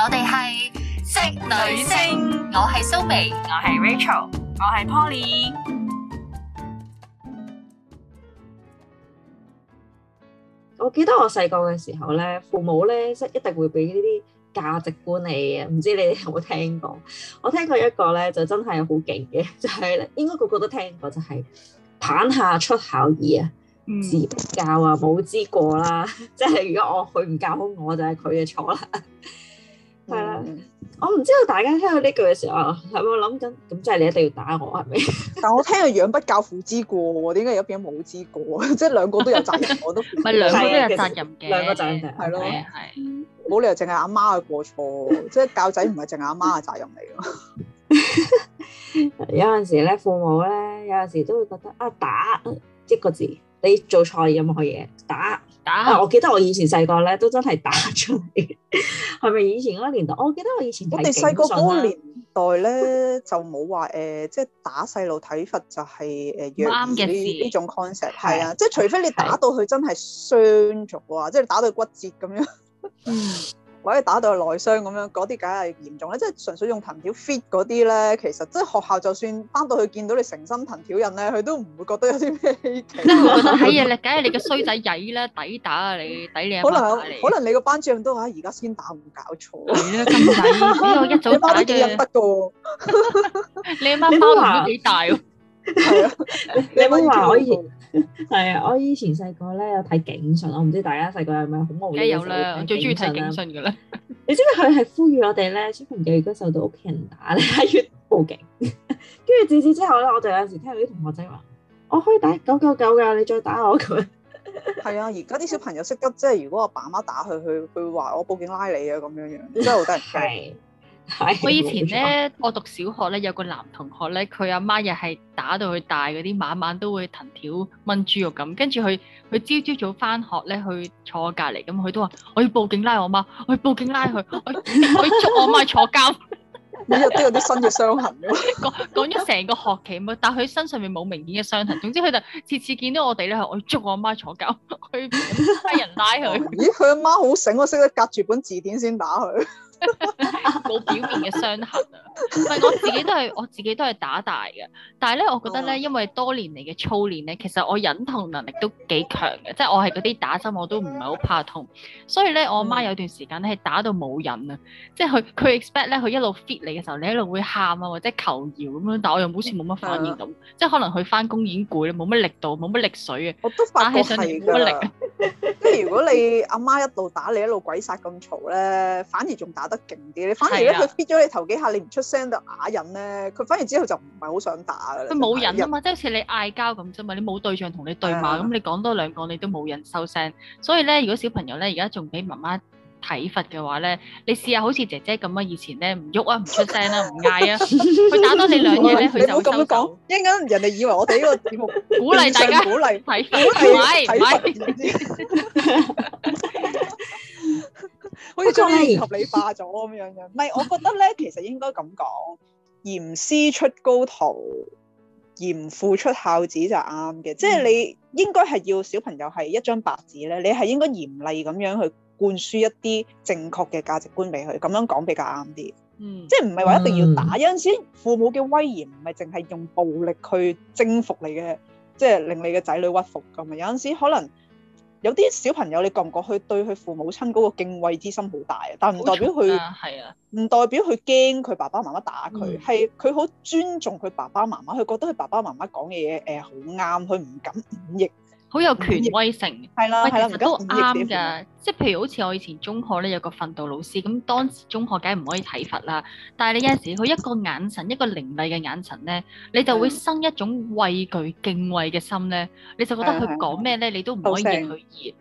我哋係職女聲，我係蘇眉，我係 Rachel，我係 Polly。我記得我細個嘅時候咧，父母咧即係一定會俾呢啲價值觀你嘅。唔知你哋有冇聽過？我聽過一個咧就真係好勁嘅，就係應該個個都聽過，就係棒下出孝子啊，子不教啊母之過啦。即係如果我佢唔教好我，就係佢嘅錯啦。係啦、嗯，我唔知道大家聽到呢句嘅時候係咪諗緊，咁即係你一定要打我係咪？但我聽佢養不教父之過，點解而家變母之過？即 係兩個都有責任，我都唔係兩個都有責任嘅， 兩個責任係咯，係冇的了理由淨係阿媽嘅過錯，即係 教仔唔係淨係阿媽嘅責任嚟咯。 有陣時咧，父母咧有陣時都會覺得啊，打即、這個字。你做錯任何嘢，打打、啊！我記得我以前細個咧，都真係打出嚟。係咪 以前嗰年代？我記得我以前、啊、我哋細個嗰年代咧，就冇話誒，即、呃、係打細路體罰就係誒弱啱嘅事呢種 concept。係啊，即係對對除非你打到佢真係傷咗啊，即係對打到骨折咁樣。的 或者打到內傷咁樣，嗰啲梗係嚴重咧。即、就、係、係、純粹用藤條 fit 嗰啲咧，其實即係學校就算翻到去見到你成身藤條印咧，佢都唔會覺得有啲咩蹊蹺。係啊，我覺得 哎、呀你梗係你個衰仔曳啦，抵打啊你，抵你班打你。可能可能你個班主任都喺而家先打，唔搞錯。咁抵，我一早打嘅。不過你阿媽，媽， 媽，媽包圍都幾大喎、啊。 你唔好話 我以前係啊， 我以前細個咧有睇警訊，我唔知大家細個係咪好無厘頭啊？最中意睇警訊噶啦！ 你知唔知佢係呼籲我哋咧？小朋友如果受到屋企人打咧，係要報警。跟住自此之後咧，我哋有時聽到啲同學仔話：我可以打九九九噶，你再打我佢。係 啊，而家啲小朋友識得，即係如果阿爸阿媽打佢，佢佢會話我報警拉你啊，咁樣樣。即係我哋係。 我以前咧，我讀小學咧，有個男同學咧，佢阿媽又係打到佢大，嗰啲晚晚都會藤條炆豬肉咁。跟住佢，佢朝朝早翻學咧，去坐我隔籬咁，佢都話我要報警拉我媽，我要報警拉佢，我要捉我媽坐監。我覺得 有啲新嘅傷痕咯，講講咗成個學期，但係佢身上面冇明顯嘅傷痕。總之佢就次次見到我哋咧，我要捉我媽坐監，佢拉人拉佢。咦，佢阿媽好醒，我識得隔住本字典先打佢。冇 表面嘅傷痕啊！唔係我自己，都係我自己都係打大嘅。但係咧，我覺得咧，因為多年嚟嘅操練咧，其實我忍痛能力都幾強嘅，即係我係嗰啲打針我都唔係好怕痛，所以咧，我阿媽有段時間咧，打到冇癮啊，即係佢佢 expect 咧，佢一路 fit 你嘅時候，你一路會喊啊或者求饒咁、啊、樣，但我又好似冇乜反應咁，的即係可能佢翻工已經攰啦，冇乜力度，冇乜力水啊。我都發覺係㗎的，即係 如果你阿媽、媽一路打你一路鬼殺咁嘈咧，反而仲打。得勁啲，你反而咧佢逼咗你頭幾下，你唔出聲就啞忍咧，佢反而之後就唔係好想打啦。佢冇癮啊嘛，即係好似你嗌交咁啫嘛，你冇對象同你對罵，咁你講多兩句你都冇癮收聲。所以咧，如果小朋友咧而家仲俾媽媽體罰嘅話咧，你試下好似姐姐咁啊，以前咧唔喐啊，唔出聲啦，唔嗌啊，佢打多你兩嘢咧，佢就收聲。陣間人哋以為我哋呢個節目鼓勵大家鼓勵體罰，體罰。 我覺得咧合理化咗咁樣樣，唔係我覺得咧，其實應該咁講，嚴師出高徒，嚴父出孝子就啱嘅。嗯、即係你應該係要小朋友係一張白紙咧，你係應該嚴厲咁樣去灌輸一啲正確嘅價值觀俾佢。咁樣講比較啱啲，嗯，即係唔係話一定要打。嗯、有陣時父母嘅威嚴唔係淨係用暴力去征服你嘅，即、就、係、係、令你嘅仔女屈服咁啊。有陣時可能。有啲小朋友，你覺唔覺佢對佢父母親嗰個敬畏之心好大不很啊？但唔、啊、代表佢，唔代表佢驚佢爸爸媽媽打佢，係佢好尊重佢爸爸媽媽，佢覺得佢爸爸媽媽講嘅嘢誒好啱，佢、呃、唔敢忤逆。好有權威性，喂，其實都啱㗎。即係譬如好似我以前中學咧有個訓導老師，咁當時中學梗係唔可以體罰啦。但係你有時佢一個眼神，一個凌厲嘅眼神咧，你就會生一種畏懼、敬畏嘅心咧。的你就覺得佢講咩咧，你都唔可以認佢意。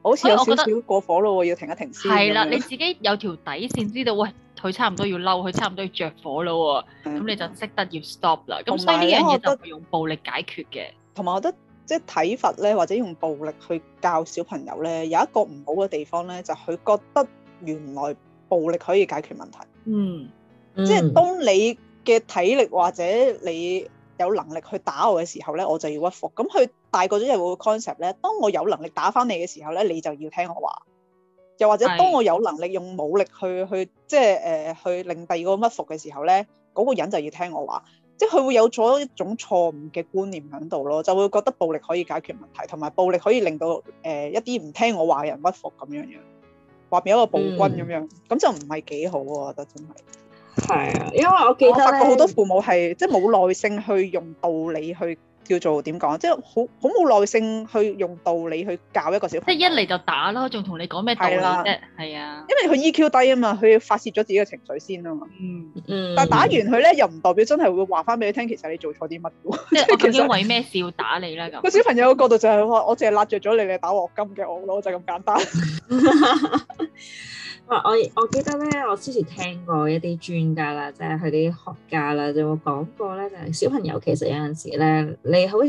好似有少少過火咯喎，要停一停先。係啦，你自己有條底線，知道喂，佢差唔多要嬲，佢差唔多要着火啦喎。咁的你就識得要 stop 啦。咁有所以呢樣嘢就唔用暴力解決嘅。同埋我覺得。即係體罰咧，或者用暴力去教小朋友咧，有一個唔好嘅地方咧，就佢、是、覺得原來暴力可以解決問題。嗯，嗯，即係當你嘅體力或者你有能力去打我嘅時候咧，我就要屈服。咁佢大個咗有個 concept 咧，當我有能力打返你嘅時候咧，你就要聽我話。又或者當我有能力用武力去去即係去，、呃、去令第二個屈服嘅時候咧，嗰、那個人就要聽我話。即係佢會有咗一種錯誤嘅觀念喺度咯，就會覺得暴力可以解決問題，同埋暴力可以令到誒、呃、一啲唔聽我話人屈服咁樣樣，話面一個暴君咁樣，咁、嗯、就唔係幾好啊！我覺得真係。係啊，因為我記得我發覺好多父母係即係冇耐性去用道理去。叫做點講？即係好好冇耐性去用道理去教一個小朋友。即係一嚟就打咯，仲同你講咩道理啫？係啊的，因為佢 EQ 低啊嘛，佢發泄咗自己嘅情緒先啊嘛。嗯嗯。但係打完佢咧，嗯、又唔代表真係會話翻俾你聽，其實你做錯啲乜嘅喎。即係究竟為咩事要打你咧？個 小朋友嘅角度就係、話、我淨係揦着咗你，你打鑊金嘅我咯，我就咁簡單。 我我記得咧，我之前聽過一啲專家啦，即係佢啲學家啦，就講過咧，就係小朋友其實有陣時咧，你好似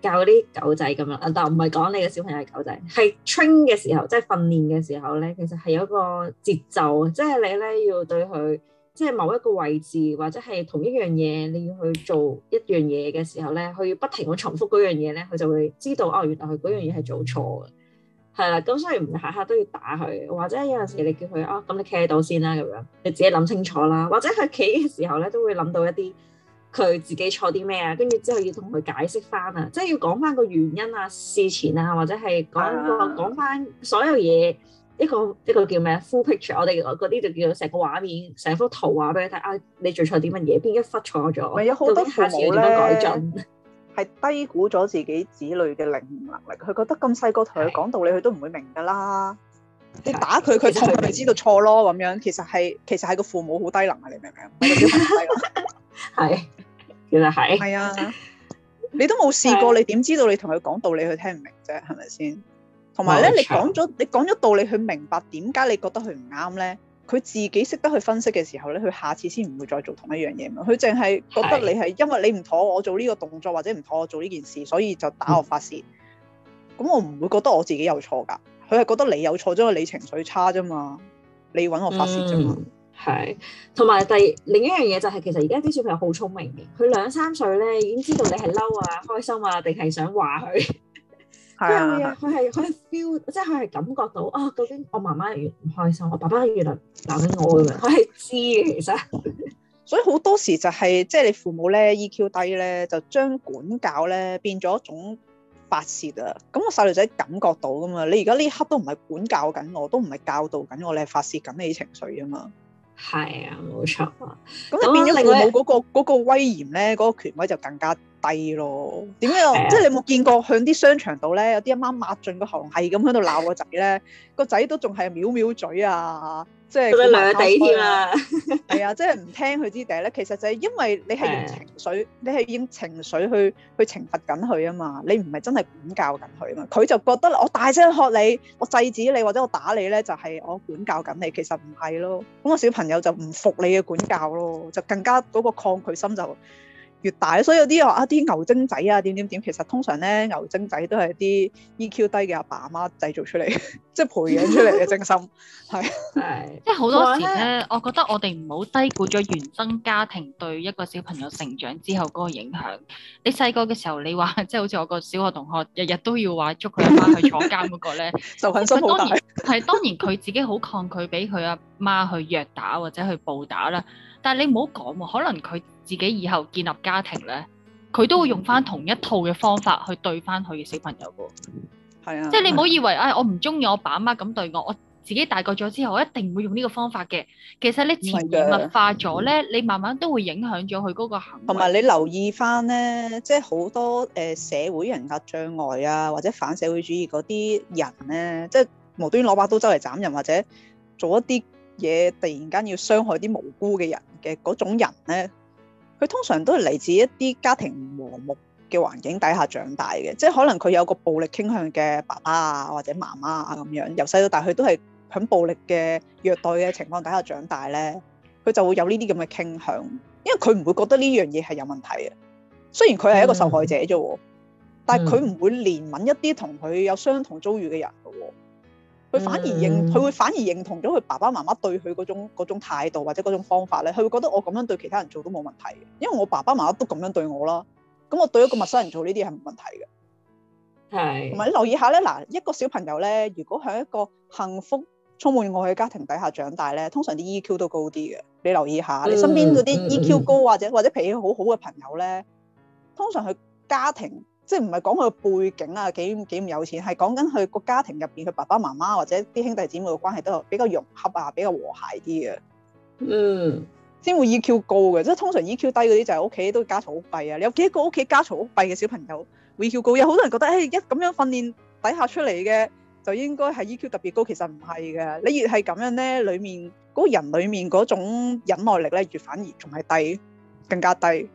教啲狗仔咁樣，但唔係講你嘅小朋友係狗仔，係 train 嘅時候，即係訓練嘅時候咧，其實係有一個節奏，即係你咧要對佢，即係某一個位置或者係同一樣嘢，你要去做一樣嘢嘅時候咧，佢要不停咁重複嗰樣嘢咧，佢就會知道哦，原來佢嗰樣嘢係做錯嘅。係啦，咁所以唔下下都要打佢，或者有陣時你叫佢啊，咁你企喺度先啦，咁樣你自己諗清楚啦。或者佢企嘅時候咧，都會諗到一啲佢自己錯啲咩啊，跟住之後要同佢解釋翻啊，即係要講翻個原因啊、事前啊，或者係講講翻所有嘢一個一個叫咩 full picture，我哋嗰啲就叫做成個畫面、成幅圖畫俾你睇啊。你做錯啲乜嘢？邊一忽錯咗？有好多下次點樣改進？ 係低估咗自己子女嘅領悟能力，佢覺得咁細個同佢講道理，佢的都唔會明噶啦。的你打佢，佢痛佢咪知道錯咯咁的樣。其實係，其實係個父母好低能啊！ 你明唔明？係， 原來係。係啊，你都冇試過，的你點知道你同佢講道理，佢聽唔明啫？係咪先？同埋咧，你講咗，你講咗道理，佢明白點解你覺得佢唔啱咧？佢自己識得去分析嘅時候咧，佢下次先唔會再做同一樣嘢嘛。佢淨係覺得你係因為你唔妥，妥我做呢個動作或者唔妥我做呢件事，所以就打我發泄。咁、嗯、我唔會覺得我自己有錯㗎。佢係覺得你有錯，因為你情緒差啫嘛。你搵我發泄啫嘛。係、嗯。同埋第二另一樣嘢就係其實而家啲小朋友好聰明嘅，佢兩三歲咧已經知道你係嬲啊、開心啊定係想話佢。係佢，佢係佢係 feel，即係佢係感覺到啊，究、哦、竟我媽媽越唔開心，我爸爸原來鬧緊我嘅，佢係知嘅其實。 所以好多時候就係、是、即係你父母咧 EQ 低咧，就將管教咧變咗一種發泄啊！咁我細路仔感覺到噶嘛？你而家呢一刻都唔係管教緊我，都唔係教導緊我，你係發泄緊你情緒啊嘛？係啊，冇錯、啊。咁就變咗父母嗰個嗰、啊、個威嚴咧，嗰、嗰個權威就更加低咯。點解？啊、即係你有冇見過向啲商場度咧，有啲阿媽抹盡個喉，係咁喺度鬧個仔咧，個仔 都仲係藐藐嘴啊？即係佢哋兩地添啊，係啊， 即係唔聽佢支笛咧。 其實就係因為你係用情緒，你係用情緒去去懲罰緊佢啊嘛。你唔係真係管教緊佢啊嘛。佢就覺得我大聲喝你，我制止你或者我打你咧，就係、是、我管教緊你。其實唔係咯。咁、那個小朋友就唔服你嘅管教咯，就更加嗰個抗拒心就，越大，所以有啲啊啲牛精仔啊點點點，其實通常咧牛精仔都係啲 EQ 低嘅阿爸阿媽，媽製造出嚟，即係 培養出嚟嘅精心，係。即係好多時咧，我，呢我覺得我哋唔好低估咗原生家庭對一個小朋友成長之後嗰個影響。你細個嘅時候你說，你話即係好似我個小學同學，日日都要話捉佢阿媽去坐監嗰、那個咧，就很辛苦。係當然佢 自己好抗拒俾佢阿媽去虐打或者去暴打啦，但係你唔好講喎，可能佢。自己以後建立家庭咧，佢都會用翻同一套嘅方法去對翻佢嘅小朋友噶。係啊的，即係你唔好以為，唉的、哎，我唔中意我爸媽咁對我，我自己大個咗之後，我一定會用呢個方法嘅。其實你潛移默化咗咧，的你慢慢都會影響咗佢嗰個行為。同埋你留意翻咧，即係好多誒社會人格障礙啊，或者反社會主義嗰啲人咧，即係無端攞把刀周圍斬人，或者做一啲嘢，突然間要傷害啲無辜嘅人嘅嗰種人咧。佢通常都係嚟自一啲家庭和睦嘅環境底下長大嘅，即係可能佢有個暴力傾向嘅爸爸啊，或者媽媽啊咁樣，由細到大佢都係喺暴力嘅虐待嘅情況底下長大咧，佢就會有呢啲咁嘅傾向，因為佢唔會覺得呢樣嘢係有問題嘅。雖然佢係一個受害者啫，嗯、但係佢唔會憐憫一啲同佢有相同遭遇嘅人嘅喎。佢反而認，佢、嗯、會反而認同咗佢爸爸媽媽對佢嗰種嗰種態度或者嗰種方法咧，佢會覺得我咁樣對其他人做都冇問題，因為我爸爸媽媽都咁樣對我啦。咁我對一個陌生人做呢啲係冇問題嘅。係是，同埋你留意下咧，嗱一個小朋友咧，如果喺一個幸福充滿愛嘅家庭底下長大咧，通常啲、e、EQ 都高啲嘅。你留意下，你身邊嗰啲 EQ 高或者或者脾氣好好嘅朋友咧，通常佢家庭。即係唔係講佢嘅背景啊，幾幾唔有錢，係講緊佢個家庭入邊佢爸爸媽媽或者啲兄弟姊妹嘅關係都比較融洽啊，比較和諧啲嘅，嗯，先會 EQ 高嘅，即係通常 EQ 低嗰啲就係屋企都家嘈屋閉啊，你有幾個屋企家嘈屋閉嘅小朋友會 EQ 高？有好多人覺得誒、哎、一咁樣訓練底下出嚟嘅就應該係 EQ 特別高，其實唔係嘅，你越係咁樣咧，裡面嗰人裡面嗰種忍耐力咧，越反而仲係低，更加低。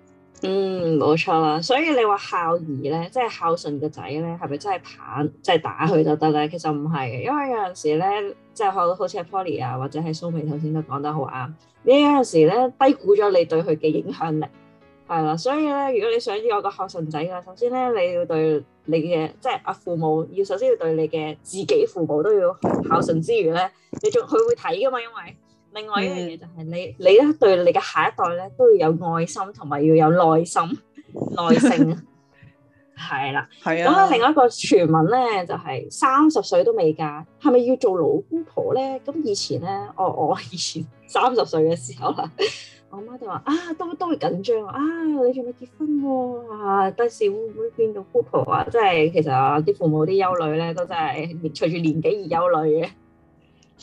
嗯，冇錯啦。所以你話孝兒咧，即係孝順嘅仔咧，係咪真係棒，即係打佢就得咧？其實唔係嘅，因為有陣時咧，即係好好似阿 Poly 啊，或者係蘇眉頭先都講得好啱。你有陣時咧，低估咗你對佢嘅影響力，係啦。所以咧，如果你想要有個孝順仔嘅，首先咧，你要對你嘅即係阿父母，要首先要對你嘅自己父母都要孝順之餘咧，你仲佢會睇噶嘛？因為另外一樣嘢就係你，你咧對你嘅下一代咧都要有愛心同埋要有耐心耐性，係啦。係啊。咁咧另外一個傳聞咧就係三十歲都未嫁，係咪要做老姑婆咧？咁以前咧，我我以前三十歲嘅時候啦，我媽就話：啊都都會緊張啊，你仲未結婚喎？啊，第時會唔會變到姑婆啊？即係其實啲父母啲憂慮咧，都真係隨住年紀而憂慮嘅。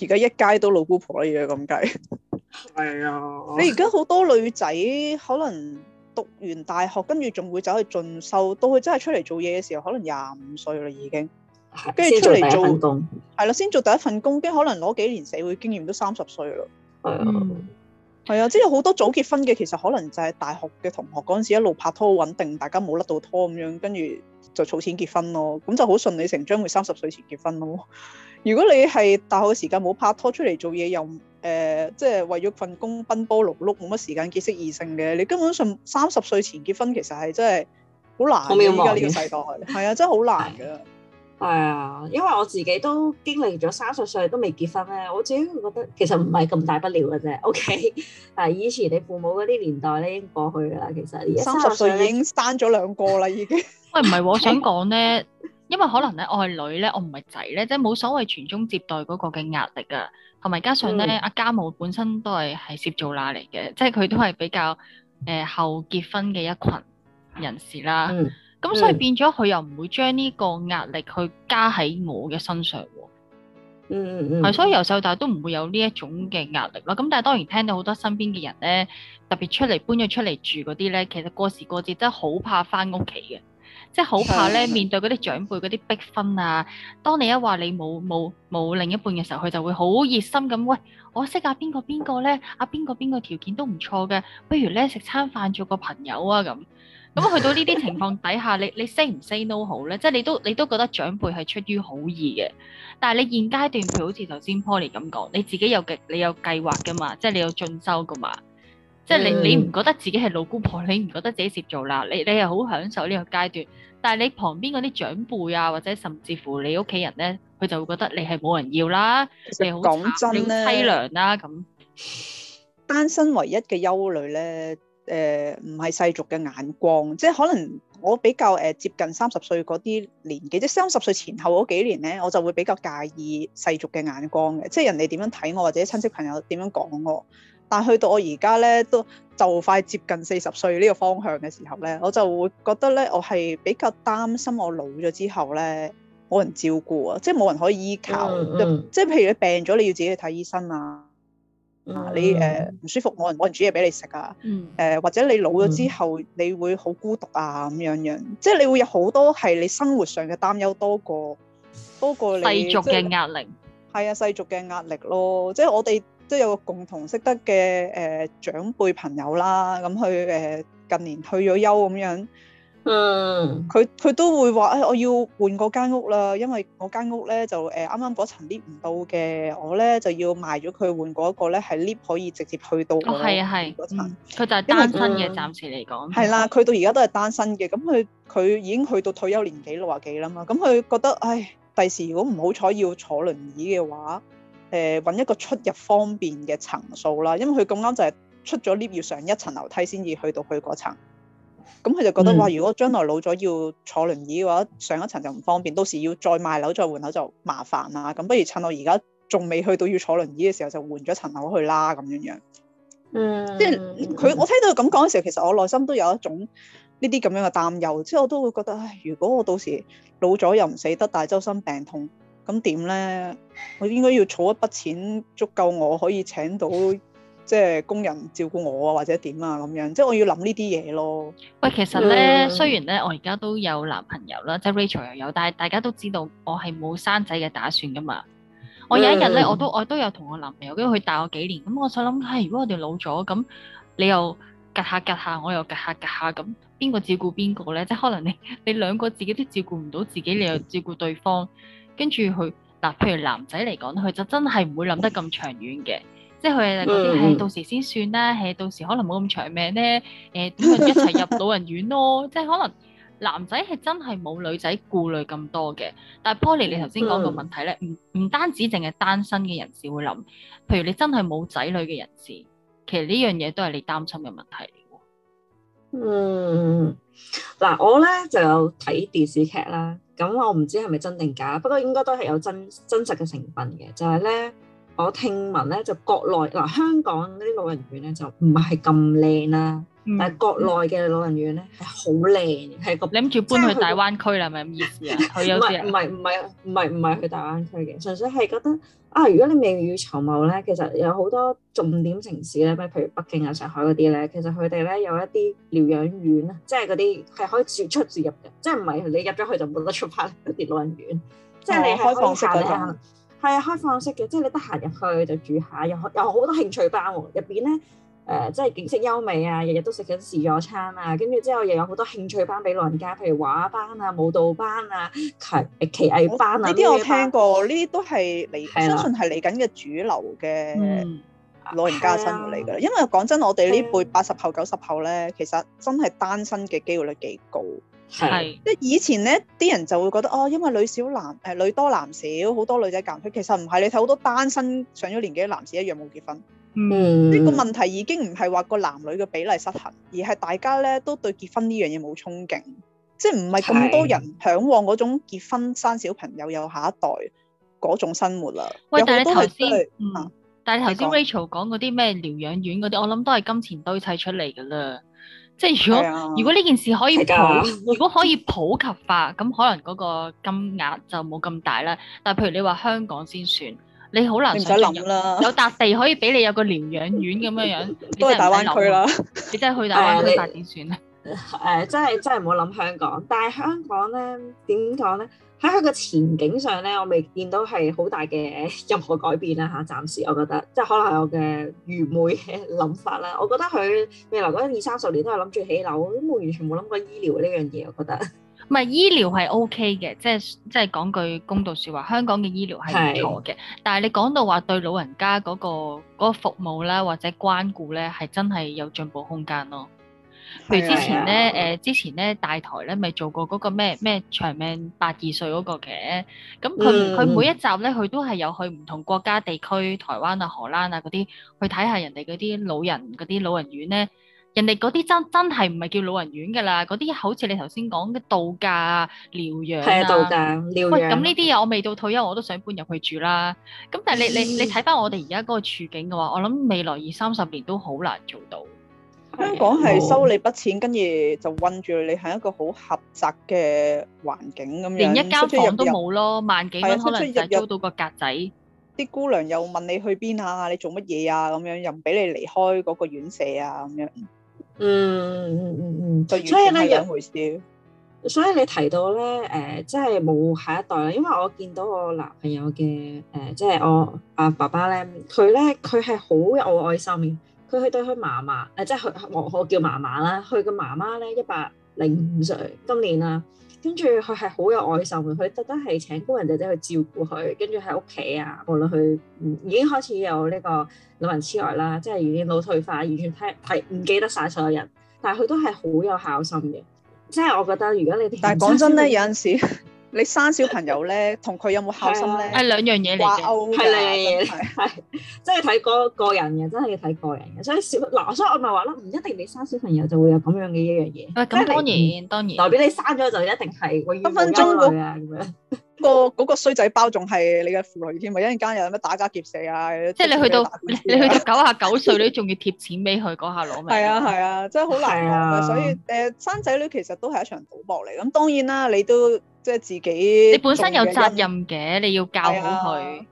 而家一街都老姑婆啦，而家咁計。係啊，你而家好多女仔可能讀完大學，跟住仲會走去進修，到佢真係出嚟做嘢嘅時候，可能廿五歲啦已經。跟住出嚟做，做工，係啦，先做第一份工，跟住可能攞幾年社會經驗都三十歲啦。係啊、嗯，係、嗯、啊，即係有好多早結婚嘅，其實可能就係大學嘅同學嗰陣時一路拍拖穩定，大家冇甩到拖咁樣，跟住就儲錢結婚咯。咁就好順理成章會三十歲前結婚咯。如果你係大學嘅時間冇拍拖，出嚟做嘢又誒、呃，即係為咗份工奔波碌碌，冇乜時間結識異性嘅，你根本上三十歲前結婚其實係真係好難。我明白。而家呢個世代，係啊， 真係好難㗎。係啊，因為我自己都經歷咗三十歲都未結婚咧，我自己覺得其實唔係咁大不了嘅啫。O K，但係以前你父母嗰啲年代咧，已經過去噶啦，其實三十歲已經生咗兩個啦，已經。喂，唔係我想講咧。 因為可能咧，我係女咧，我唔係仔咧，即係冇所謂傳宗接代嗰個嘅壓力啊。同埋加上咧，阿、嗯、家母本身都係係攝灶罅嚟嘅，即係佢都係比較誒、呃、後結婚嘅一群人士啦。咁、嗯嗯、所以變咗佢又唔會將呢個壓力去加喺我嘅身上喎、啊嗯。嗯嗯嗯。係，所以由細到大都唔會有呢一種嘅壓力啦。咁但係當然聽到好多身邊嘅人咧，特別出嚟搬咗出嚟住嗰啲咧，其實過時過節真係好怕返屋企嘅。即係好怕咧的面對嗰啲長輩嗰啲逼婚啊！當你一話你冇冇冇另一半嘅時候，佢就會好熱心咁，喂，我識下、啊、邊個邊個咧？啊邊個邊個條件都唔錯嘅，不如咧食餐飯做個朋友啊咁。咁去到呢啲情況底下， 你你 say 唔 say no 好咧？即係你都你都覺得長輩係出於好意嘅，但係你現階段譬如好似頭先 Polly 咁講，你自己有計你有計劃㗎嘛？即係你有進修㗎嘛？嗯、即係你，你唔覺得自己係老姑婆，你唔覺得自己蝕做啦？你你又好享受呢個階段，但係你旁邊嗰啲長輩啊，或者甚至乎你屋企人咧，佢就會覺得你係冇人要啦，其實、你係好慘，你淒涼啦咁。啊、單身唯一嘅憂慮咧，誒唔係世俗嘅眼光，即係可能我比較誒、呃、接近三十歲嗰啲年紀，即係三十歲前後嗰幾年咧，我就會比較介意世俗嘅眼光嘅，即係人哋點樣睇我，或者親戚朋友點樣講我。但去到我而家咧，都就快接近四十歲呢個方向嘅時候咧，我就會覺得咧，我係比較擔心我老咗之後咧，冇人照顧啊，即係冇人可以依靠。Mm hmm. 就即係譬如你病咗，你要自己去睇醫生啊。Mm hmm. 你誒唔、uh, 舒服，冇人冇人煮嘢俾你食啊。誒、mm hmm. 或者你老咗之後、mm hmm. 你會好孤獨啊，咁樣樣，即係你會有好多係你生活上嘅擔憂多過，多過你世俗嘅壓力。係啊，世俗嘅壓力咯，即係我哋。即係有個共同識得嘅誒、呃、長輩朋友啦，咁佢誒近年退咗休咁樣，嗯，佢佢都會話，誒、哎，我要換個間屋啦，因為我間屋咧就誒啱啱嗰層 lift 唔到嘅，我咧就要賣咗佢，換過個咧係 lift 可以直接去到。哦，係啊，係。嗰層佢就係單身嘅，嗯、暫時嚟講。係啦的，佢的到而家都係單身嘅，咁佢佢已經去到退休年紀六啊幾啦嘛，咁佢覺得，唉，第時如果唔好彩要坐輪椅嘅話。誒揾、呃、一個出入方便嘅層數啦，因為佢咁啱就係出咗 lift 要上一層樓梯先至去到佢嗰層，咁佢就覺得話：嗯、如果將來老咗要坐輪椅嘅話，上一層就唔方便，到時要再賣樓再換樓就麻煩啦。咁不如趁我而家仲未去到要坐輪椅嘅時候，就換咗層樓去啦咁樣樣。嗯，即係佢我聽到咁講嘅時候，其實我內心都有一種呢啲咁樣嘅擔憂，即係，我都會覺得唉，如果我到時老咗又唔死得，但係周身病痛。咁點咧？我應該要儲一筆錢足夠我可以請到即係、就是、工人照顧我啊，或者點啊咁樣，即係我要諗呢啲嘢咯。喂，其實咧，嗯、雖然咧，我而家都有男朋友啦，即係 Rachel 又有，但係大家都知道我係冇生仔嘅打算噶嘛。我有一日咧、嗯，我都我都有同我男朋友，跟住佢大我幾年，咁我想諗，係、哎、如果我哋老咗咁，你又隔下隔下，我又隔下隔下，咁邊個照顧邊個咧？即係可能你你兩個自己都照顧唔到自己，你又照顧對方。跟住佢嗱，譬如男仔嚟講，佢就真係唔會諗得咁長遠嘅，即係佢哋嗰啲，誒到時先算啦，誒到時可能冇咁長命咧，誒點樣一齊入老人院咯？即係可能男仔係真係冇女仔顧慮咁多嘅。但係 Polly 你頭先講個問題咧，唔唔單止淨係單身嘅人士會諗，譬如你真係冇仔女嘅人士，其實呢樣嘢都係你擔心嘅問題嚟嘅。嗯，嗱我咧就有睇電視劇啦。咁我唔知係咪真定假，不過應該都係有真真實嘅成分嘅，就係呢，我聽聞呢，就國內嗱，香港嗰啲老人院呢，就唔係咁靚啦。誒、嗯、國內嘅老人院咧，係好靚，係、嗰個。你諗住搬去大灣區啦，係咪咁意思啊？唔係唔係唔係唔係去大灣區嘅，純粹係覺得啊，如果你未雨綢繆咧，其實有好多重點城市咧，咩譬如北京啊、上海嗰啲咧，其實佢哋咧有一啲療養院咧，即係嗰啲係可以自出自入嘅，即係唔係你入咗去就冇得出返嗰啲老人院，係啊即係你係開放式嘅，係啊，開放式嘅，即係你得閒入去就住下，又又好多興趣班入邊咧。誒、呃，即係景色優美啊！日日都食緊自助餐啊，跟住之後又有好多興趣班俾老人家，譬如畫班啊、舞蹈班啊、奇奇藝班啊，呢啲我聽過，呢啲都係嚟，我相信係嚟緊嘅主流嘅老人家生活嚟㗎。嗯、因為講真，我哋呢輩八十後、九十後咧，其實真係單身嘅機會率幾高。係，即以前咧，啲人就會覺得哦，因為女少男誒、呃、女多男少，好多女仔減衰。其實唔係，你睇好多單身上咗年紀嘅男士一樣冇結婚。呢、嗯、個問題已經唔係話個男女嘅比例失衡，而係大家咧都對結婚呢樣嘢冇憧憬，即係唔係咁多人嚮往嗰種結婚生小朋友有下一代嗰種生活啦。喂，很但係頭先，是嗯、但係頭先 Rachel 講嗰啲咩療養院嗰啲，我諗都係金錢堆砌出嚟㗎啦。即係如果、啊、如果呢件事可以普，的啊、 如果可以普及化，咁可能嗰個金額就冇咁大啦。但係譬如你話香港先算。你好難唔使諗啦，有笪地可以俾你有個療養院咁樣樣，你都係大灣區啦。你真係去大灣區發展算啦。誒、啊，真係真係唔好諗香港。但係香港咧點講咧？喺佢個前景上咧，我未見到係好大嘅任何改變啦嚇、啊。暫時我覺得，即係可能係我嘅愚昧嘅諗法啦。我覺得佢未來嗰二三十年都係諗住起樓，都冇完全冇諗過醫療呢樣嘢。我覺得。唔係醫療係 OK 嘅，即係即係講句公道説話，香港嘅醫療係唔錯嘅。的但係你講到話對老人家嗰、嗰個嗰個服務咧，或者關顧咧，係真係有進步空間咯。譬如之前咧，誒的、呃、之前咧大台咧咪做過嗰個咩咩長命百二歲嗰個嘅，咁佢佢每一集咧佢都係有去唔同國家地區，台灣啊、荷蘭啊嗰啲去睇下人哋嗰啲老人嗰啲老人院咧。人哋嗰啲真真係唔係叫老人院㗎啦，嗰啲好似你頭先講嘅度假、療養。係啊，度假、療養。喂，咁呢啲嘢我未到退休我都想搬入去住啦。咁但係你你你睇翻我哋而家嗰個處境嘅話，我諗未來二三十年都好難做到。香港係收你筆錢，跟住就困住你，喺一個好狹窄嘅環境咁樣，連一間房都冇咯，萬幾蚊可能租到個格仔。啲姑娘又問你去邊啊？你做乜嘢啊？咁樣又唔俾你離開嗰個院舍啊？咁樣。嗯嗯嗯嗯嗯，所以咧又以、嗯，所以你提到咧，誒、呃，即係冇下一代啦，因為我見到我男朋友嘅誒、呃，即係我阿爸爸咧，佢咧佢係好有愛心嘅，佢去對佢嫲嫲，誒，即係佢我我叫嫲嫲啦，佢嘅媽媽咧一百零五歲，今年啦。跟住佢係好有愛心嘅，佢特登係請工人姐姐去照顧佢，跟住喺屋企啊，無論佢已經開始有呢個老人痴呆啦，即係已經腦退化，完全睇係唔記得晒所有人，但佢都係好有孝心嘅，即係我覺得如果你但係講真咧，會有陣時。 你生小朋友咧，同佢對有冇孝心咧？係兩樣嘢嚟嘅。掛鈎㗎，係兩樣嘢，係即係睇個個人嘅，真係要睇個人嘅。所以小嗱，所以我咪話咯，唔一定你生小朋友就會有咁樣嘅一樣嘢。喂、啊，咁當然當然，代表你生咗就一定係我、啊、分分鐘咁樣。 嗰個、嗰個衰仔包仲係你嘅父女添啊！一陣間又有乜打家劫舍啊！即係你去到、啊、你去到九十九歲， 你仲要貼錢俾佢嗰下攞命、啊？係啊係啊，真係好難講啊！所以誒、呃，生仔女其實都係一場賭博嚟。咁當然啦，你都即係自己。你本身有責任嘅，你要教好佢。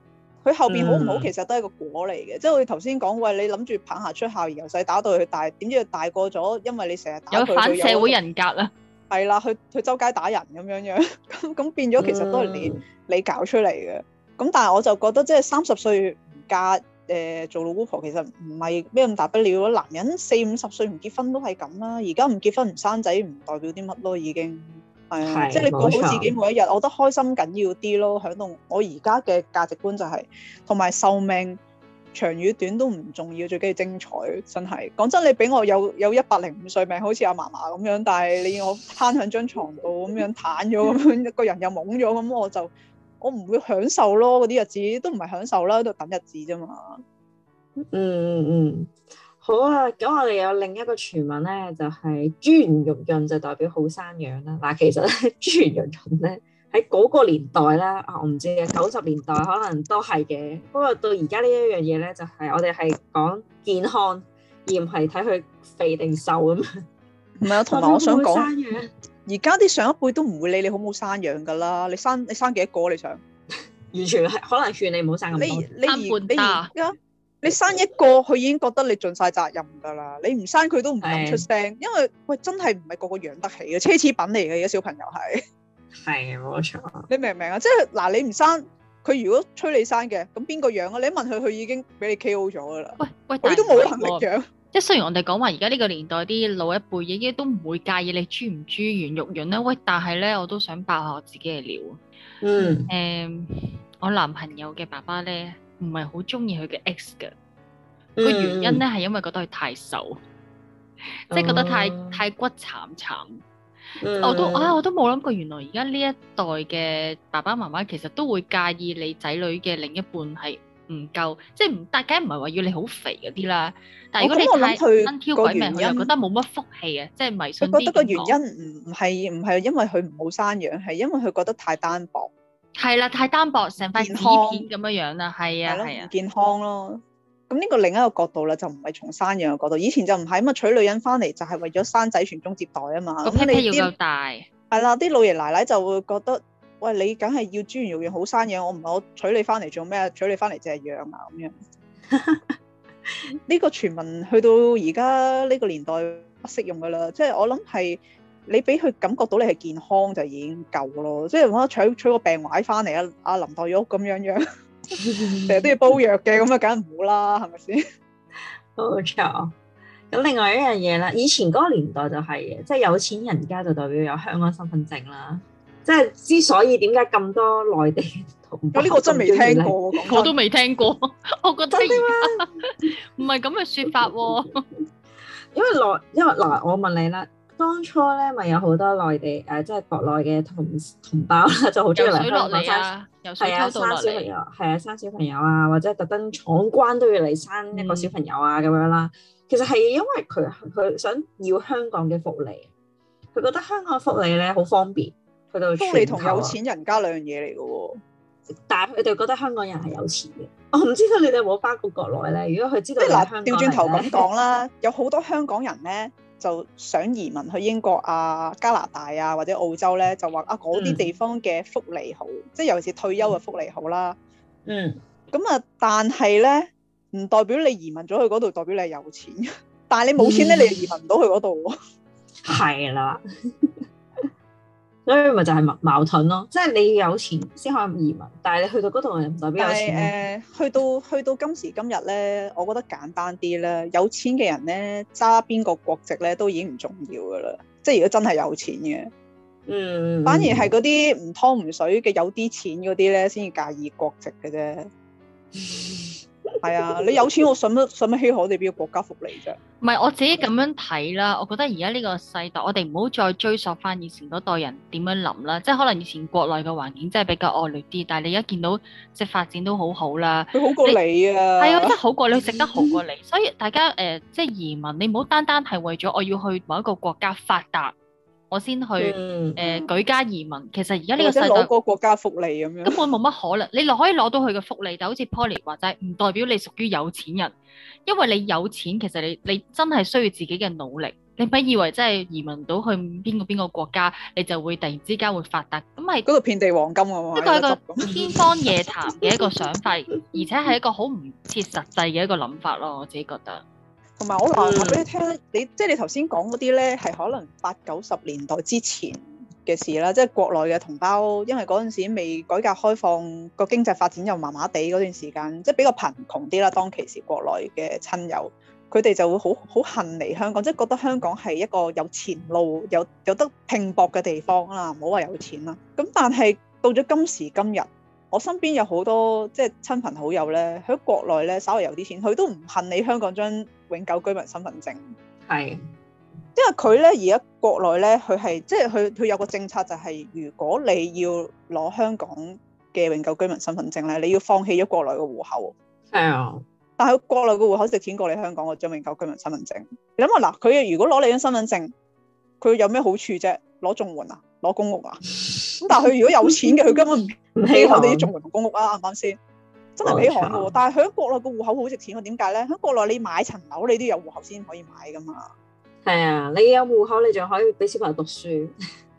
佢、啊、後邊好唔好，嗯、其實都係個果嚟嘅。即係我頭先講喂，你諗住棒下出孝，而由細打到佢大，點知佢大個咗，因為你成日打佢有反社會人格啦。係啦，去佢周街打人咁樣樣，咁咁變咗其實都係你、嗯、你搞出嚟嘅。咁但係我就覺得即係三十歲唔嫁，誒、呃、做老姑婆其實唔係咩咁大不了咯。男人四五十歲唔結婚都係咁啦，而家唔結婚唔生仔唔代表啲乜咯，已經係啊，是即係你過好自己每一日錯，我覺得開心緊要啲咯。響度我而家嘅價值觀就係同埋壽命。長與短都唔重要，最緊要精彩。真係講真，你俾我有有媽媽一百零五歲命，好似阿嫲嫲咁樣，但係你我攤喺張床度咁樣攤咗，咁樣一個人又懵咗，咁我就我唔會享受咯。嗰啲日子都唔係享受啦，喺度等日子啫嘛。嗯嗯嗯，好啊。咁我哋有另一個傳聞咧，就係豬圓肉潤就代表好生養啦。嗱，其實豬圓肉潤咧。喺嗰個年代咧，我唔知嘅九十年代可能都係嘅。不過到而家呢一樣嘢咧，就係、是、我哋係講健康，而唔係睇佢肥定瘦咁樣。唔係啊，同埋我想講，而家啲上一輩都唔會理你好冇生養噶啦。你生你生幾多個、啊、你想？ 完全係可能勸你唔好生咁多。你你你而家，你生一個，佢已經覺得你盡晒責任噶啦。你唔生佢都唔敢出聲，的因為喂真係唔係個個養得起嘅奢侈品嚟嘅，而家小朋友係。係冇錯，錯你明唔明啊？即係嗱、啊，你唔生，佢，如果催你生嘅，咁邊個養啊？你一問佢，佢已經俾你 K.O. 咗噶啦。喂喂，佢都冇人養。即係雖然我哋講話而家呢個年代啲老一輩依啲都唔會介意你豬唔豬圓肉潤咧，喂，但係咧我都想爆下我自己嘅料。嗯。誒，uh, 我男朋友嘅爸爸咧，唔係好中意佢嘅 ex 嘅。個、嗯、原因咧係因為覺得佢太瘦，即係、uh. 覺得太太骨慘慘。嗯、我都啊，我都冇諗過，原來而家呢一代嘅爸爸媽媽其實都會介意你仔女嘅另一半係唔夠，即係唔大家唔係話要你好肥嗰啲啦。但係如果你太身挑鬼命，佢又覺得冇乜福氣啊，即係迷信啲。佢覺得個原因唔唔係唔係因為佢唔好生養，係因為佢覺得太單薄。係啦，太單薄成塊紙片咁樣樣啦。係啊，係啊，啊唔健康咯。咁呢個另一個角度啦，就唔係從生養嘅角度。以前就唔係啊嘛，娶女人翻嚟就係為咗生仔傳宗接代啊嘛。個胚胎要夠大。係啦，啲老爺奶奶就會覺得，喂，你梗係要專研樣樣好生養，我唔係我娶你翻嚟做咩啊？娶你翻嚟淨係養啊咁樣。呢 個傳聞去到而家呢個年代不適用噶啦，即係我諗係你俾佢感覺到你係健康就已經夠咯。即係唔好娶娶個病娃翻嚟啊！阿林黛玉咁樣咁樣。成日 都要煲藥嘅，咁啊梗唔好啦，係咪先？冇錯。咁另外一樣嘢啦，以前嗰個年代就係嘅，即係有錢人家就代表有香港身份證啦。即係之所以點解咁多內地同胞，呢個真未聽過，呢我都未聽過。 我覺得唔係咁嘅說法。 因為內，因為嗱，我問你啦，當初咧咪有好多內地誒，即係國內嘅同同胞啦，就好中意嚟香港買係啊，生小朋友，係啊，生小朋友啊，或者特登闖關都要嚟生一個小朋友啊，咁、嗯、樣啦。其實係因為佢佢想要香港嘅福利，佢覺得香港福利咧好方便去到。福利同有錢人家兩樣嘢嚟嘅，但係佢哋覺得香港人係有錢嘅。我唔知道你哋有冇返過國內咧。如果佢知道，即係嗱，調轉頭咁講啦， 有好多香港人咧。就想移民去英國啊、加拿大啊或者澳洲咧，就話啊嗰啲地方嘅福利好，嗯、即係尤其是退休嘅福利好啦。嗯。咁啊，但係咧，唔代表你移民咗去嗰度，代表你係有錢。但係你冇錢咧，嗯、你就移民唔到去嗰度喎。係啦。 所以咪就係矛盾咯，即係你有錢先可以移民，但係你去到嗰度又唔代表有錢咯。去到去到今時今日咧，我覺得簡單啲咧，有錢嘅人咧，揸邊個國籍咧都已經唔重要噶啦，即係如果真係有錢嘅，嗯，反而係嗰啲唔湯唔水嘅有啲錢嗰啲咧，先至介意國籍嘅啫。 係 啊，你有錢我使乜使乜稀罕？我哋邊個國家福利啫？唔係我自己咁樣睇啦，我覺得而家呢個世代，我哋唔好再追溯翻以前嗰代人點樣諗啦。即係可能以前國內嘅環境真係比較惡劣啲，但係你而家見到即係發展都好好啦。佢好過你啊！係啊，覺得好過你，食得好過你。所以大家誒、呃，即係移民，你唔好單單係為咗我要去某一個國家發達。我先去誒、嗯呃、舉家移民，其實而家呢個世界，或者攞個國家福利咁樣，根本冇乜可能。你可以攞到佢嘅福利，但好似 Poly 話齋，唔代表你屬於有錢人。因為你有錢，其實你你真係需要自己嘅努力。你唔係以為真係移民到去邊個邊個國家，你就會突然之間會發達咁係。嗰度遍地黃金喎，呢個係一個天方夜譚嘅一個想法， 而且係一個好唔切實際嘅一個諗法咯，我自己覺得。同埋我話話俾你聽，你即係你頭先講嗰啲咧，係可能八九十年代之前嘅事啦，即係國內嘅同胞，因為嗰陣時未改革開放，個經濟發展又麻麻地嗰段時間，即係比較貧窮啲啦。當其時國內嘅親友，佢哋就會好好恨離香港，即係覺得香港係一個有前路、有有得拼搏嘅地方啊！唔好話有錢啦。咁但係到咗今時今日。我身邊有好多即係親朋好友咧，喺國內咧，稍微有啲錢，佢都唔恨你香港張永久居民身份證。係，因為佢咧而家國內咧，佢係即係佢佢有個政策就係，如果你要攞香港嘅永久居民身份證咧，你要放棄咗國內嘅戶口。係啊，但係國內嘅戶口值錢過你香港嘅張永久居民身份證。你諗下嗱，佢如果攞你張身份證，佢有咩好處啫？攞綜援啊？ 公屋啊！咁但係佢如果有錢嘅，佢根本唔唔稀罕啲啲仲民公屋啊？啱唔啱先？ 真係稀罕嘅喎！但係喺國內個戶口好值錢，點解咧？喺國內你買層樓，你都有戶口先可以買噶嘛？係啊，你有戶口你仲可以俾小朋友讀書。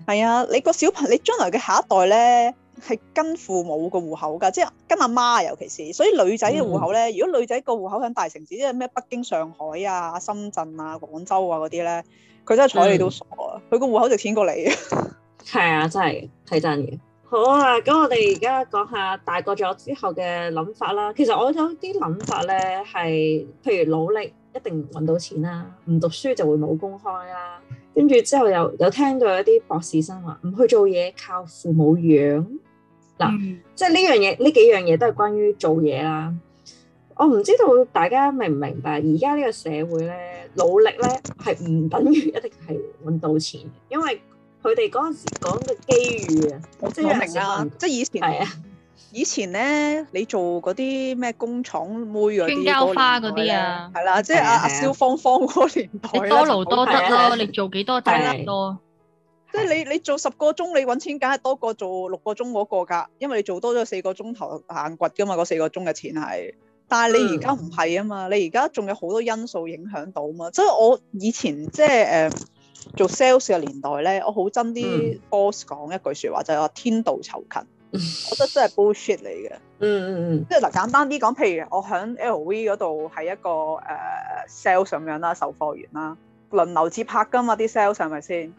係 啊，你個小朋友將來嘅下一代咧，係跟父母個戶口噶，即係跟阿媽，尤其是所以女仔嘅戶口咧。如果女仔個戶口喺大城市，嗯、哼即係咩北京、上海啊、深圳啊、廣州啊嗰啲咧，佢真係睬你都傻啊！佢個戶口值錢過你。 係啊，真係睇真嘅。好啊，咁我哋而家講下大個咗之後嘅諗法啦。其實我有啲諗法咧，係譬如努力一定搵到錢啦、啊，唔讀書就會冇工開啦、啊。跟住之後又又聽到一啲博士生話唔去做嘢，靠父母養。嗱、啊，嗯、即係呢樣嘢，呢幾樣嘢都係關於做嘢啦、啊。我唔知道大家明唔明白？而家呢個社會咧，努力咧係唔等於一定係搵到錢，因為。佢哋嗰陣時講嘅機遇啊，我明啊。即係以前，以前咧你做嗰啲咩工廠妹啊、膠花嗰啲啊，係啦，即係阿阿蕭芳芳嗰年代你多勞多得咯，你做幾多得幾多，即係你你做十個鐘你揾錢梗係多過做六個鐘嗰個㗎，因為你做多咗四個鐘頭硬掘㗎嘛，嗰四個鐘嘅錢係。但係你而家唔係啊嘛，你而家仲有好多因素影響到嘛，即係我以前即係誒。做 sales 嘅年代咧，我好憎啲 boss 講一句説話，嗯、就係話天道酬勤， 我覺得真係 bullshit 嚟嘅。嗯嗯嗯，即係簡單啲講，譬如我喺 LV 嗰度係一個誒、uh, sales 咁樣啦，售貨員啦，輪流接客噶嘛，啲 sales 係咪先？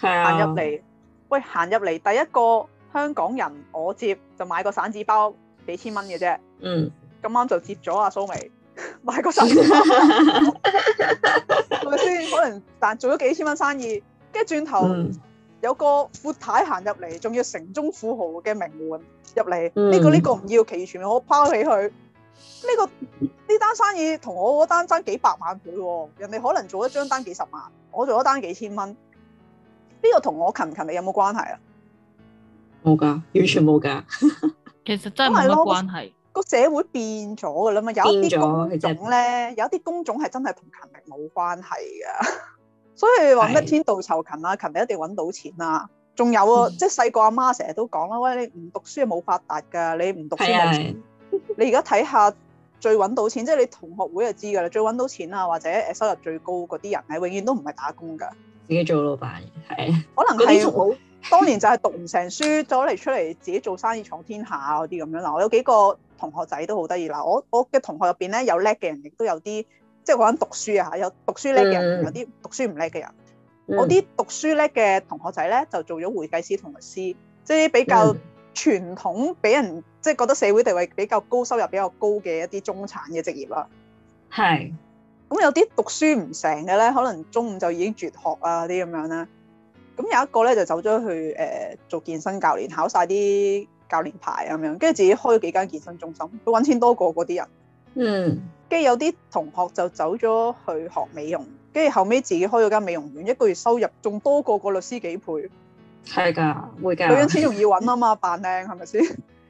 係啊。行入嚟，喂，行入嚟，第一個香港人我接就買個散紙包幾千蚊嘅啫。嗯。咁啱就接咗阿、啊、蘇眉。買個十蚊，係咪先？可能但做咗幾千蚊生意，跟住轉頭有個闊太行入嚟，仲要城中富豪嘅名媛入嚟，呢、嗯這個呢、這個唔要，其全我拋起佢。呢、這個呢單生意同我嗰單爭幾百萬倍、哦，人哋可能做一張單幾十萬，我做一單幾千蚊，呢、這個同我勤唔勤力有冇關係啊？冇噶，完全冇噶。 其實真係冇乜關係。 個社會變咗㗎啦嘛，有一啲工種咧，是有啲工種係真係同勤力冇關係噶，的 所以話咩天道酬勤啊，勤力一定揾到錢啊。仲有啊，嗯、即係細個阿媽成日都講啦，喂，你唔讀書係冇發達㗎，你唔讀書冇的錢。的你而家睇下最揾到錢，即係 你同學會就知㗎啦，最揾到錢啊，或者誒收入最高嗰啲人係永遠都唔係打工㗎，自己做老闆嘅可能嗰當年就係讀唔成書，走嚟出嚟自己做生意闖天下嗰啲咁樣啦。我有幾個同學仔都好得意啦。我我嘅同學入邊咧，有叻嘅人，亦都有啲即係講讀書啊，有讀書叻嘅人，有啲讀書唔叻嘅人。嗯、我啲讀書叻嘅同學仔咧，就做咗會計師同律師，即、就、係、是、比較傳統，俾、嗯、人即係、就是、覺得社會地位比較高，收入比較高嘅一啲中產嘅職業啦。係是。咁有啲讀書唔成嘅咧，可能中五就已經絕學啊，啲咁樣啦。咁有一個咧就走咗去誒、呃、做健身教練，考晒啲教練牌咁樣，跟住自己開咗幾間健身中心，佢揾錢多過嗰啲人。嗯，跟住有啲同學就走咗去學美容，跟住後尾自己開咗間美容院，一個月收入仲多過個律師幾倍。係㗎，會㗎。女人錢容易揾啊嘛，扮靚係咪先？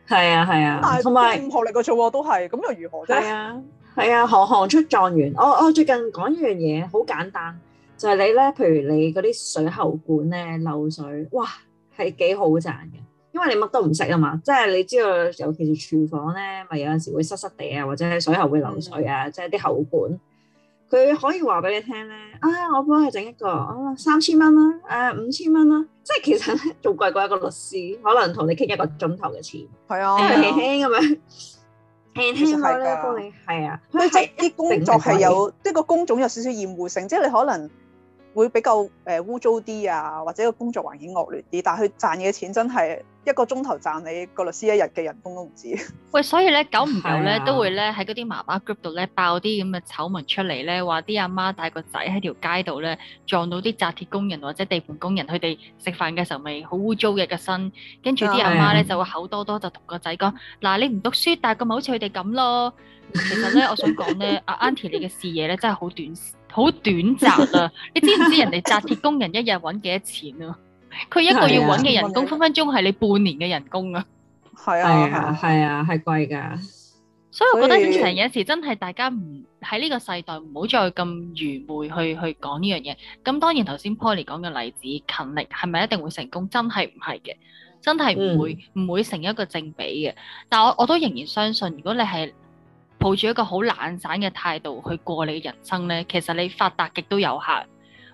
係啊，係啊。同埋是有學歷嘅做都係，咁又如何啫？係啊，係啊，行行出狀元。我我最近講一樣嘢，好簡單。就係你咧，譬如你嗰啲水喉管咧漏水，哇，係幾好賺嘅，因為你乜都唔識啊嘛，即係你知道，尤其是廚房咧，咪有陣時會濕濕地啊，或者係水喉會漏水啊，即係啲喉管，佢可以話俾你聽咧，啊，我幫佢整一個，啊、三千蚊啦、誒，五千蚊啦、啊，即係其實做仲貴過一個律師，可能同你傾一個鐘頭嘅錢，係啊，輕輕咁樣，輕輕咁樣幫你，係啊，所以即係啲工作係有，即係個工種有少少厭惡性，即係你可能。會比較誒污糟啲啊，或者個工作環境惡劣啲，但係佢賺嘅錢真係一個鐘頭賺你個律師一日嘅人工都唔止。喂，所以咧，久唔久咧的都會咧喺嗰啲媽媽 group 度咧爆啲咁嘅醜聞出嚟咧，話啲阿媽帶個仔喺條街度咧撞到啲紮鐵工人或者地盤工人，佢哋食飯嘅時候咪好污糟嘅個身，跟住啲阿媽咧就會口多多就同個仔講：嗱的，你唔讀書，但係個咪好似佢哋咁咯。 其實咧，我想講咧， 阿 Auntie 你嘅視野咧真係好短。好短暫啊！ 你知唔知人哋紮鐵工人一日揾幾多錢啊？佢一個月揾嘅人工分分鐘係你半年嘅人工啊！係啊，係啊，係貴㗎。所以我覺得成件事真係大家唔喺呢個世代唔好再咁愚昧去去講呢樣嘢。咁當然頭先 Polly 講嘅例子，勤力係咪一定會成功？真係唔係嘅，真係唔會唔、嗯、會成一個正比嘅。但我我都仍然相信，如果你係抱住一個好懶散嘅態度去過你嘅人生咧，其實你發達極都有限，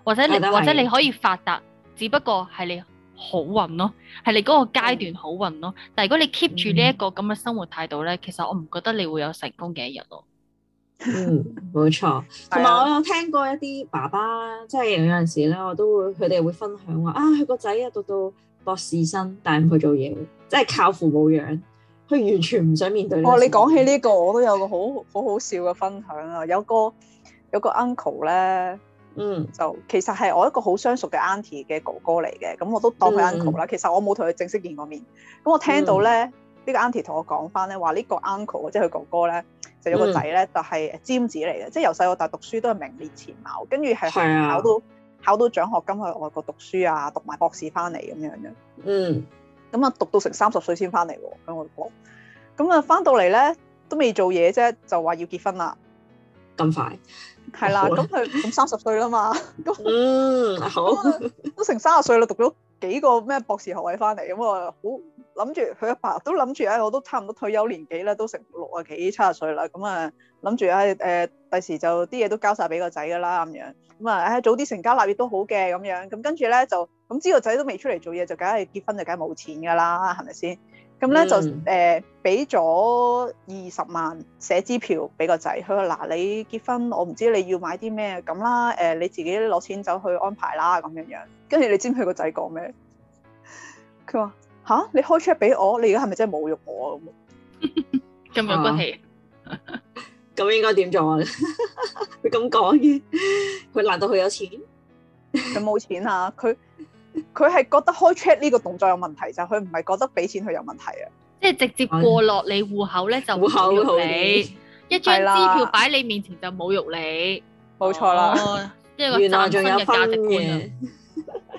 或者你位或者你可以發達，只不過係你好運咯、哦，係你嗰個階段好運咯、哦。但係如果你 keep 住呢一個咁嘅生活態度咧，嗯、其實我唔覺得你會有成功嘅一日咯、哦。嗯，冇錯，同埋 我有聽過一啲爸爸，即係 有陣時咧，我都會佢哋會分享話啊佢個仔啊讀到博士生，嗯、但唔去做嘢，即係靠父母養。佢完全唔想面對的。哦，你講起呢個，我都有個好好好笑嘅分享啊！有個有個 uncle 咧，嗯，就其實係我一個好相熟嘅 auntie 嘅哥哥嚟嘅，咁我都當佢 uncle 啦。嗯、其實我冇同佢正式見過面。咁我聽到咧，嗯、呢個跟我呢呢個 auntie 同我講翻咧，話呢個 uncle 即係佢哥哥咧，就有個仔咧，嗯、但係尖子嚟嘅，即係由細到大讀書都係名列前茅，跟住係考到、啊、考到獎學金去外國讀書啊，讀埋博士翻嚟咁樣嘅。嗯。咁啊，讀到成三十歲先翻嚟喎，咁我講，咁啊翻到嚟咧都未做嘢啫，就話要結婚啦，咁快，係啦，咁佢、啊，咁三十歲啦嘛，咁嗯好，都成三十歲啦，讀咗幾個咩博士學位翻嚟，咁啊好諗住佢阿爸，爸都諗住啊，我都差唔多退休年紀啦，都成六啊幾七十歲啦，咁啊諗住啊誒，第時就啲嘢都交晒俾個仔㗎啦咁樣，咁啊誒早啲成家立業都好嘅咁樣，咁跟住咧就。咁知個仔都未出嚟做嘢，就梗係結婚就梗係冇錢噶啦，係咪先？咁咧就誒俾咗二十萬寫支票俾個仔，佢話嗱你結婚，我唔知你要買啲咩咁啦，誒、呃、你自己攞錢走去安排啦咁樣樣。跟住你知唔知佢個仔講咩？佢話吓你開出嚟俾我，你而家係咪真係侮辱我咁？咁有骨氣，咁 應該點做啊？佢咁講嘅，佢 難道佢有錢？佢 冇錢啊！佢。佢係 覺得開 check 呢個動作有問題，就佢唔係覺得俾錢佢有問題啊，即係直接過落、嗯、你戶口咧就唔侮辱你。你，戶口好一張支票擺你面前就侮辱你，冇錯啦。哦、冇錯啦原來仲有價值觀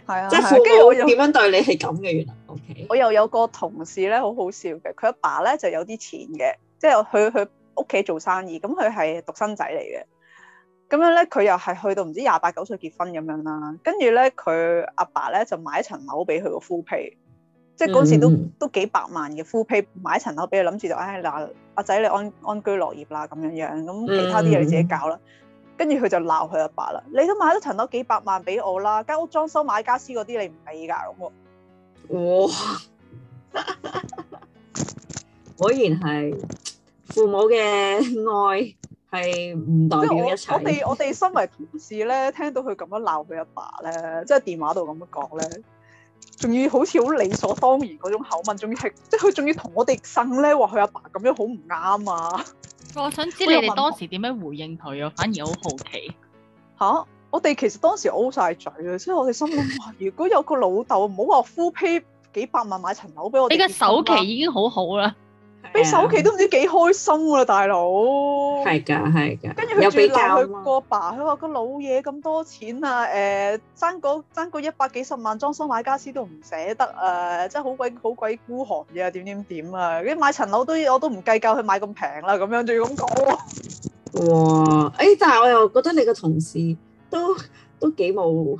啊，即係父母點樣對你係咁嘅，原來 O K。Okay、我又有個同事咧，好好笑嘅，佢阿爸咧就有啲錢嘅，即係佢佢屋企做生意，咁佢係獨生仔嚟嘅。咁樣咧，佢又係去到唔知廿八九歲結婚咁樣啦。跟住咧，佢阿爸咧就買一層樓俾佢個 full pay，即係嗰時都都幾百萬嘅 full pay 買一層樓俾佢，諗住就唉嗱，阿仔你安安居樂業啦咁樣樣。咁其他啲嘢你自己搞啦。跟住佢就鬧佢阿爸啦，你都買咗層樓幾百萬俾我啦，間屋裝修買傢俬嗰啲你唔俾㗎咁喎。哇！果然係父母嘅愛。係唔代表一切。我哋我哋身為同事咧，聽到佢咁樣鬧佢阿爸咧，即係電話度咁樣講咧，仲要好似好理所當然嗰種口吻，仲要係即係佢仲要同我哋呻咧話佢阿爸咁樣，、啊、樣好唔啱啊！我想知你哋當時點樣回應佢啊？反而好好奇吓，我哋其實當時 O 晒嘴啊，所以我哋心諗話， 如果有個老豆唔好話，full pay 幾百萬買層樓俾我，依家首期已經好好啦。俾首期都唔知幾開心喎，大佬。係㗎，係㗎。跟住佢仲鬧佢個爸，佢話個老嘢咁多錢啊，誒，爭個爭個一百幾十萬裝修買傢俬都唔捨得啊，真係好鬼好鬼孤寒嘅，點點點啊！跟住買層樓都我都唔計較佢買咁平啦，咁樣仲要咁講。哇！誒，但係我又覺得你個同事都都幾冇。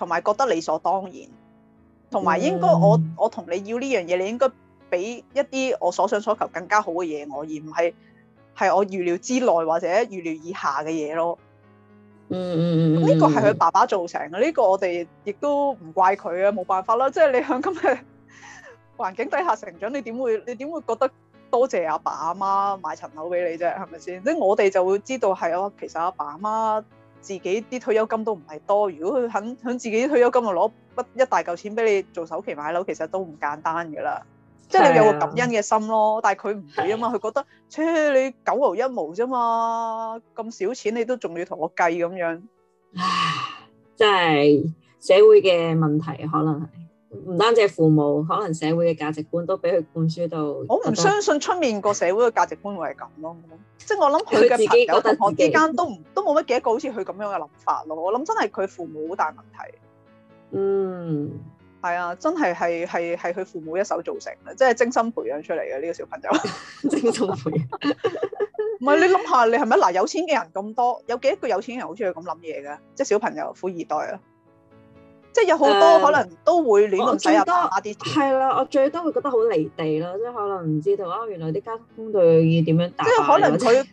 同埋覺得理所當然，同埋應該我我同你要呢樣嘢，你應該俾一啲我所想所求更加好嘅嘢我，而唔係係我預料之內或者預料以下嘅嘢咯。嗯嗯嗯，呢、hmm. 個係佢爸爸造成嘅，呢個我哋亦都唔怪佢啊，冇辦法啦。即係你喺今日環境底下成長，你點會你點會覺得多謝阿爸阿媽買層樓俾你啫？係咪先？即係我哋就會知道係啊，其實阿爸阿媽。自己啲退休金都唔係多，如果佢肯響自己啲退休金就攞一一大嚿錢俾你做首期買樓，其實都唔簡單噶啦。即係你有個感恩嘅心咯，但係佢唔會啊嘛，佢覺得，切你九毫一毛啫嘛，咁少錢你都仲要同我計咁樣，唉，即係社會嘅問題可能係。唔單止父母，可能社會嘅價值觀都俾佢灌輸到。我唔相信出面個社會嘅價值觀會係咁咯， 即係我諗佢嘅朋友同我之間都 都冇乜幾一個好似佢咁樣嘅諗法咯。我諗真係佢父母好大問題。嗯，係啊，真係係係係佢父母一手造成嘅，即係精心培養出嚟嘅呢個小朋友，精心培養。唔係你諗下，你係咪嗱？有錢嘅人咁多，有幾多個有錢嘅人好似佢咁諗嘢嘅？即係小朋友富二代啊！即係有好多可能都會亂咁使入啲，係啦、嗯，我最多會覺得好離地咯，即係可能唔知道啊，原來啲交通工具要點樣打？即係可能佢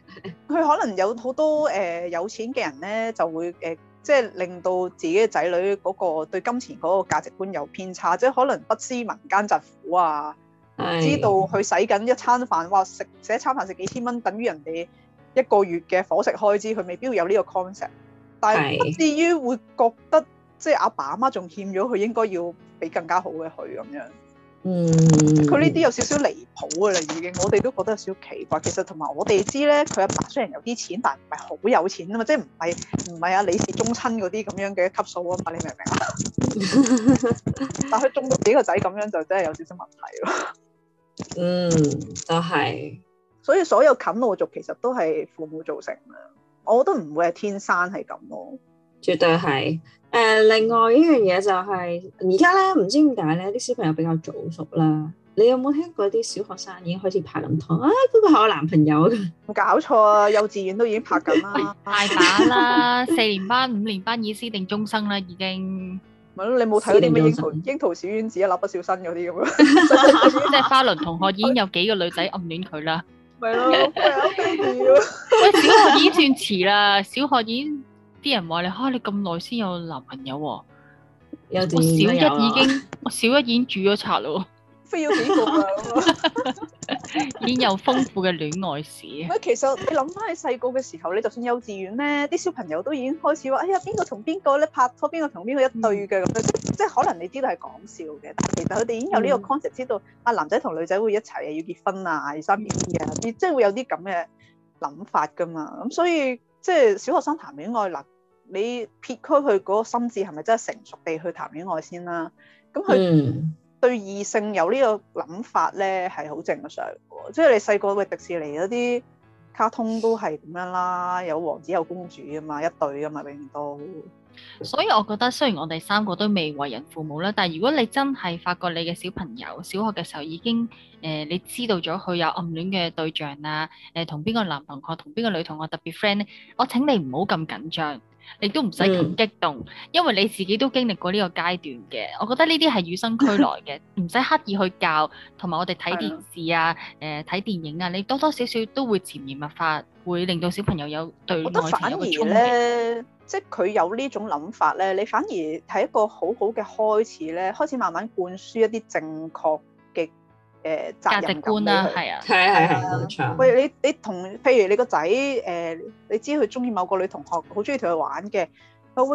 佢可能有好多誒、呃、有錢嘅人咧，就會誒、呃、即係令到自己嘅仔女嗰個對金錢嗰個價值觀有偏差，即係可能不知民間疾苦啊，是知道佢使緊一餐飯，哇！食食一餐飯食幾千蚊，等於人哋一個月嘅伙食開支，佢未必會有呢個 concept，但係不至於會覺得。即係阿爸阿媽仲欠咗佢，應該要俾更加好嘅佢咁樣。嗯，佢呢啲有少少離譜啊，已經我哋都覺得有少少奇怪。其實同埋我哋知咧，佢阿爸，爸雖然有啲錢，但係唔係好有錢啊嘛，即係唔係唔係啊，你是宗親嗰啲咁樣嘅級數啊嘛，你明唔明啊？ 但佢縱到自己個仔咁樣，就真係有少少問題咯。嗯，就係。所以所有啃老族其實都係父母造成嘅，我覺得唔會係天生係咁咯，絕對係。誒，另外呢樣嘢就係而家咧，唔知點解咧，啲小朋友比較早熟啦。你有冇聽過啲小學生已經開始拍拖啊？都都係我男朋友，唔搞錯啊！幼稚園都已經拍緊啦，大把啦，四年班、五年班已私定終生啦，已經。咪咯，你冇睇嗰啲咩櫻桃櫻桃小丸子、蠟筆小新嗰啲咁樣？即係花輪同學已經有幾個女仔暗戀佢啦。係咯，喂。小學已經算遲啦，小學已經。啲人話你嚇、啊、你咁耐先有男朋友喎，啊啊，我小一已經我小一已經住咗賊啦，飛咗幾個已經有豐富嘅戀愛史。喂，其實你諗翻起細個嘅時候，你就算幼稚園咧，啲小朋友都已經開始話：哎呀，邊個同邊個咧拍拖，邊個同邊個一對嘅咁樣，嗯、即係可能你知道係講笑嘅，但係其實佢哋已經有呢個 concept、嗯、知道，啊男仔同女仔會一齊要結婚啊，生 B B 啊，即係會有啲咁嘅諗法噶嘛。咁所以即係小學生談戀愛嗱。你撇開佢嗰個心智係咪真係成熟地去談戀愛先啦？咁佢對異性有呢個諗法咧係好正常的，即係你細個嘅迪士尼嗰啲卡通都係咁樣啦，有王子有公主啊嘛，一對啊嘛，永遠都。所以我覺得雖然我哋三個都未為人父母啦，但係如果你真係發覺你嘅小朋友小學嘅時候已經誒、呃、你知道咗佢有暗戀嘅對象啊，誒同邊個男同學同邊個女同學特別 friend 咧，我請你唔好咁緊張。你都唔使咁激動，嗯、因為你自己都經歷過呢個階段嘅，我覺得呢啲係與生俱來嘅，唔使 刻意去教。同埋我哋睇電視啊、誒、呃、睇電影啊，你多多少少都會潛移默化，會令到小朋友有對外嘅一個衝擊。我覺得反而咧，即係佢有呢種諗法咧，你反而係一個好好嘅開始咧，開始慢慢灌輸一啲正確。責任觀啊，係啊，係係係。啊、喂，你你同，譬如你個仔，誒、呃，你知佢中意某個女同學，好中意同佢玩嘅。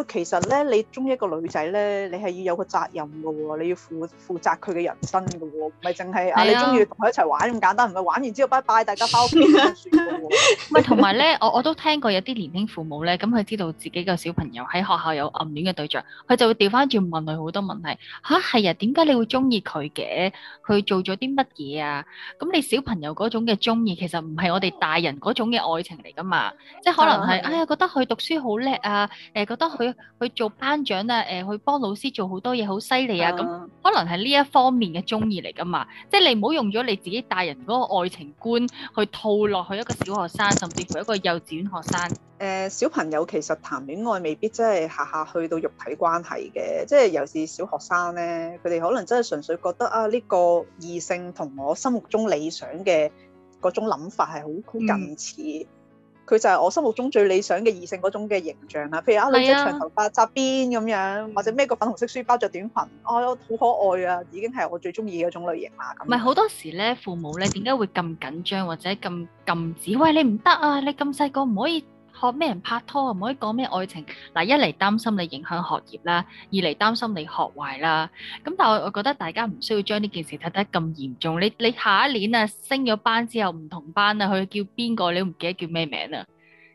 其實咧，你中意一個女仔咧，你係要有個責任噶喎，你要負負責佢嘅人生噶喎，唔係淨係啊你中意同佢一齊玩咁簡單，唔係玩完之後拜拜，大家翻屋企算嘅喎。唔係。同埋咧，我我都聽過有啲年輕父母咧，咁佢知道自己個小朋友喺學校有暗戀嘅對象，佢就會調翻轉問佢好多問題。吓？係啊，點解、啊、你會中意佢嘅？佢做咗啲乜嘢啊？咁你小朋友嗰種嘅中意，其實唔係我哋大人嗰種嘅愛情嚟噶嘛？即係可能係哎呀覺得佢讀書好叻啊，誒覺得。佢去，去做班長啊！誒，去幫老師做好多嘢，好犀利啊！咁可能係呢一方面嘅中意嚟㗎嘛，即係你唔好用咗你自己大人嗰個愛情觀去套落去一個小學生，甚至乎一個幼稚園學生。誒、呃，小朋友其實談戀愛未必真係下下去到肉體關係嘅，即係尤其是小學生咧，佢哋可能真係純粹覺得啊，呢個異性同我心目中理想嘅嗰種諗法係好好近似。嗯佢就係我心目中最理想嘅異性嗰種嘅形象啦，譬如女仔啊，留咗長頭髮扎辮咁樣，或者孭個粉紅色書包着短裙，哦、啊、好可愛啊，已經係我最中意嗰種類型啦。咁咪好多時咧，父母咧點解會咁緊張或者咁禁止？喂你唔得啊！你咁細個唔可以。學咩人拍拖啊？唔可以講咩愛情嗱，一嚟擔心你影響學業啦，二嚟擔心你學壞啦。咁但係我我覺得大家唔需要將呢件事睇得咁嚴重。你你下一年啊升咗班之後唔同班啦，佢叫邊個你都唔記得叫咩名啦。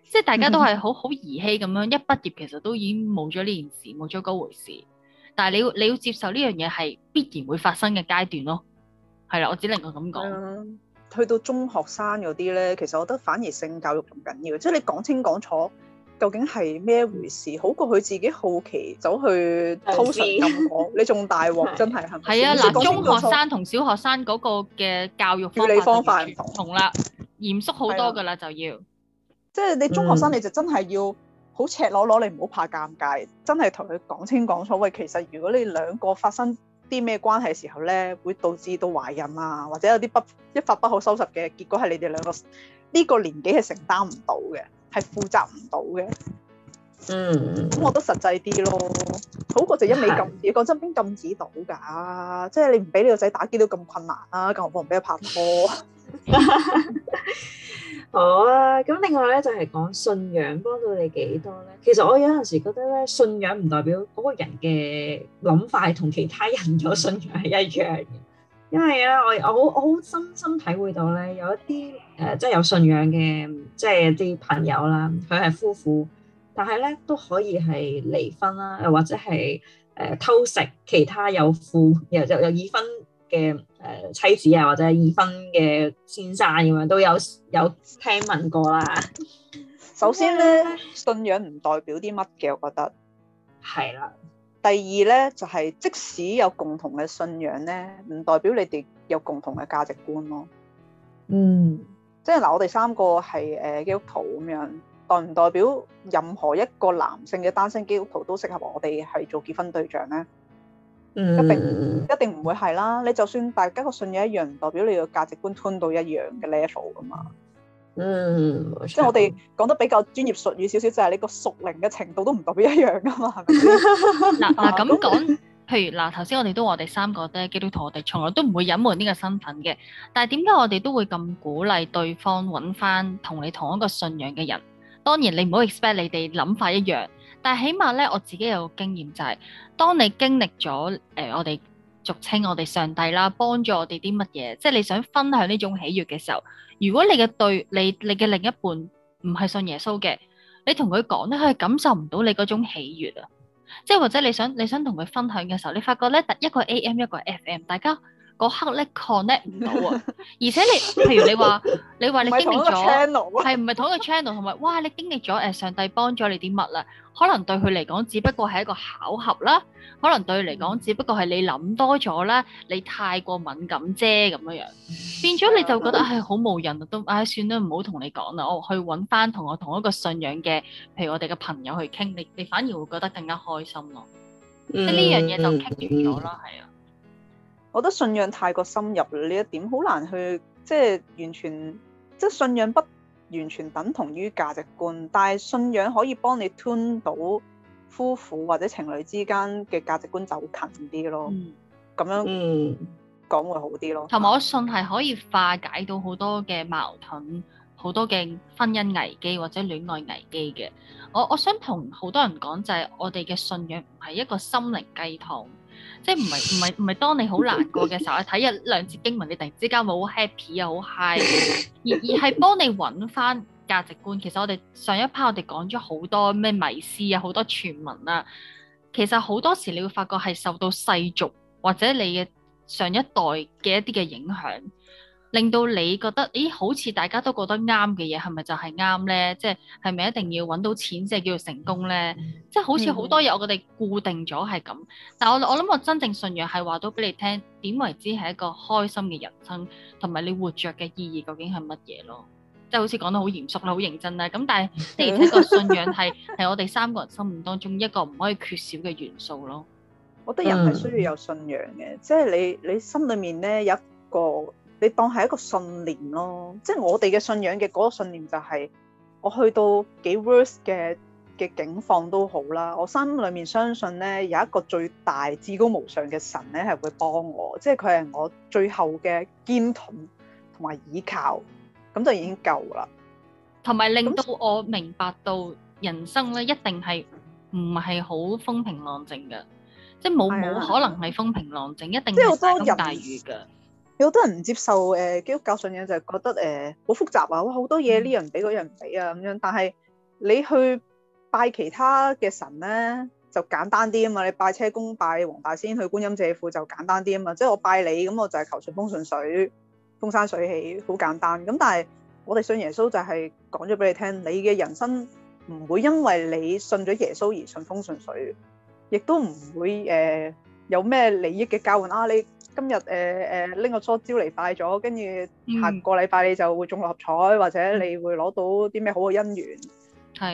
即係大家都係好好兒戲咁樣，一畢業其實都已經冇咗呢件事，冇咗嗰回事。但係你要你要接受呢樣嘢係必然會發生嘅階段咯。係啦，我只能夠咁講。嗯去到中學生嗰啲咧，其實我覺得反而性教育仲緊要，即係你講清講楚究竟係咩回事，好過佢自己好奇走去偷食咁講， 你仲大鑊真係係啊！嗱，中學生同小學生嗰個嘅教育方法，處理方法唔同啦，嚴肅好多噶啦就要，即係、啊就是、你中學生你就真係要好赤裸裸，你唔好怕尷尬，嗯、真係同佢講清講楚喂，其實如果你兩個發生啲咩關係嘅時候咧，會導致到懷孕啊，或者有啲不一發不可收拾嘅結果，係你哋兩個呢個年紀係承擔唔到嘅，係負責唔到嘅。嗯，咁我都實際啲咯，好過就一味禁止。講是真，邊禁止到㗎？即、就、係、是、你唔俾你個仔打機都咁困難啦、啊，更何況唔俾佢拍拖。 好啊，咁、oh, 另外咧就係、是、講信仰幫到你幾多咧？其實我有陣時覺得咧，信仰唔代表嗰個人嘅諗法同其他人有信仰係一樣嘅，因為咧我我好我好深深體會到咧，有一啲誒即係有信仰嘅即係啲朋友啦，佢係夫婦，但係咧都可以係離婚啦，又或者係、呃、偷食其他有婦又又又已婚嘅。誒、呃，妻子啊，或者已婚嘅先生咁、啊、樣都有有聽聞過啦。首先咧， 信仰唔代表啲乜嘅，我覺得係啦。的第二咧，就係、是、即使有共同嘅信仰咧，唔代表你哋有共同嘅價值觀咯。嗯，即係嗱，我哋三個係誒、呃、基督徒咁樣，代唔代表任何一個男性嘅單身基督徒都適合我哋係做結婚對象咧？嗯一，一定一定唔會係啦。你就算大家個信仰一樣，代表你個價值觀 turn 到一樣嘅 level 㗎嘛。嗯，即係我哋講得比較專業術語少少，就係你個屬靈嘅程度都唔代表一樣噶嘛。嗱嗱，咁講，譬如嗱，頭、啊、先我哋都話我哋三個都係基督徒，我哋從來都唔會隱瞞呢個身份嘅。但係點解我哋都會咁鼓勵對方揾翻同你同一個信仰嘅人？當然，你唔好 expect 你哋諗法一樣。但係起碼咧，我自己有個經驗就係、是，當你經歷咗誒、呃，我哋俗稱我哋上帝啦，幫助我哋啲乜嘢，即係你想分享呢種喜悅嘅時候，如果你嘅對你你嘅另一半唔係信耶穌嘅，你同佢講咧，佢係感受唔到你嗰種喜悅啊！即係或者你想你想同佢分享嘅時候，你發覺咧，一個 AM 一個 FM，大家。嗰刻咧 connect 唔到啊，而且你，譬如你話， 你話你經歷咗，係唔係同一個 channel？啊、同埋，哇！你經歷咗誒上帝幫咗你啲乜啦？可能對佢嚟講只不過係一個巧合啦。可能對佢嚟講只不過係你諗多咗啦，你太過敏感啫，咁樣樣變咗你就覺得係好冇人都，唉、哎，算啦，唔好同你講啦，我去揾翻同我同一個信仰嘅，譬如我哋嘅朋友去傾，你你反而會覺得更加開心咯。即係呢樣嘢就傾完咗啦，係啊。嗯我覺得信仰太過深入呢一點，好難去即係完全即係信仰不完全等同於價值觀，但係信仰可以幫你吞到夫婦或者情侶之間嘅價值觀走近啲咯，咁、嗯、樣講會好啲咯。同埋我信係可以化解到好多嘅矛盾，好多嘅婚姻危機或者戀愛危機嘅。我我想同好多人講就係我哋嘅信仰唔係一個心靈雞湯。即係唔係唔係唔係，當你好難過嘅時候，你睇一兩次經文，你突然之間會好 happy 啊，好 high，而而係幫你揾翻價值觀。其實我哋上一 part 我哋講咗好多咩迷思啊，好多傳聞啊，其實好多時你會發覺係受到世俗或者你嘅上一代嘅一啲嘅影響。令到你覺得，咦？好似大家都覺得啱嘅嘢，係咪就係啱呢？即係係咪一定要揾到錢先係叫做成功呢？即係好似好多嘢，我哋固定咗係咁。嗯、但係我我諗，我真正信仰係話到俾你聽，點為之係一個開心嘅人生，同埋你活着嘅意義究竟係乜嘢咯？即係好似講得好嚴肅啦，好認真啦。咁、嗯、但係的而且確信仰係係 我哋三個人心目當中一個唔可以缺少嘅元素咯。我覺得人係需要有信仰嘅，嗯、即係你你心裏面呢有一個。你當係一個信念咯，即係我哋嘅信仰嘅嗰個信念就係、是，我去到幾 worse 嘅嘅境況都好啦，我心裏面相信咧有一個最大至高無上嘅神咧係會幫我，即係佢係我最後嘅堅盾同埋倚靠，咁就已經夠啦。同埋令到我明白到人生咧一定係唔係好風平浪靜嘅，啊、即係冇冇可能係風平浪靜，啊、一定係大風大雨㗎。我有好多人唔接受誒基督教信仰就係覺得誒好複雜啊，哇，好多嘢，呢樣唔俾，嗰樣唔俾啊咁樣。但係你去拜其他嘅神咧就簡單啲啊嘛，你拜車公、拜黃大仙、去觀音借庫就簡單啲啊嘛。即係我拜你咁，我就係求順風順水、風生水起，好簡單。咁但係我哋信耶穌就係講咗俾你聽，你嘅人生唔會因為你信咗耶穌而順風順水，亦都唔會誒。有咩利益嘅交換啊？你今日誒誒拎個初招嚟拜咗，跟住下個禮拜你就會中六合彩，或者你會攞到啲咩好嘅姻緣，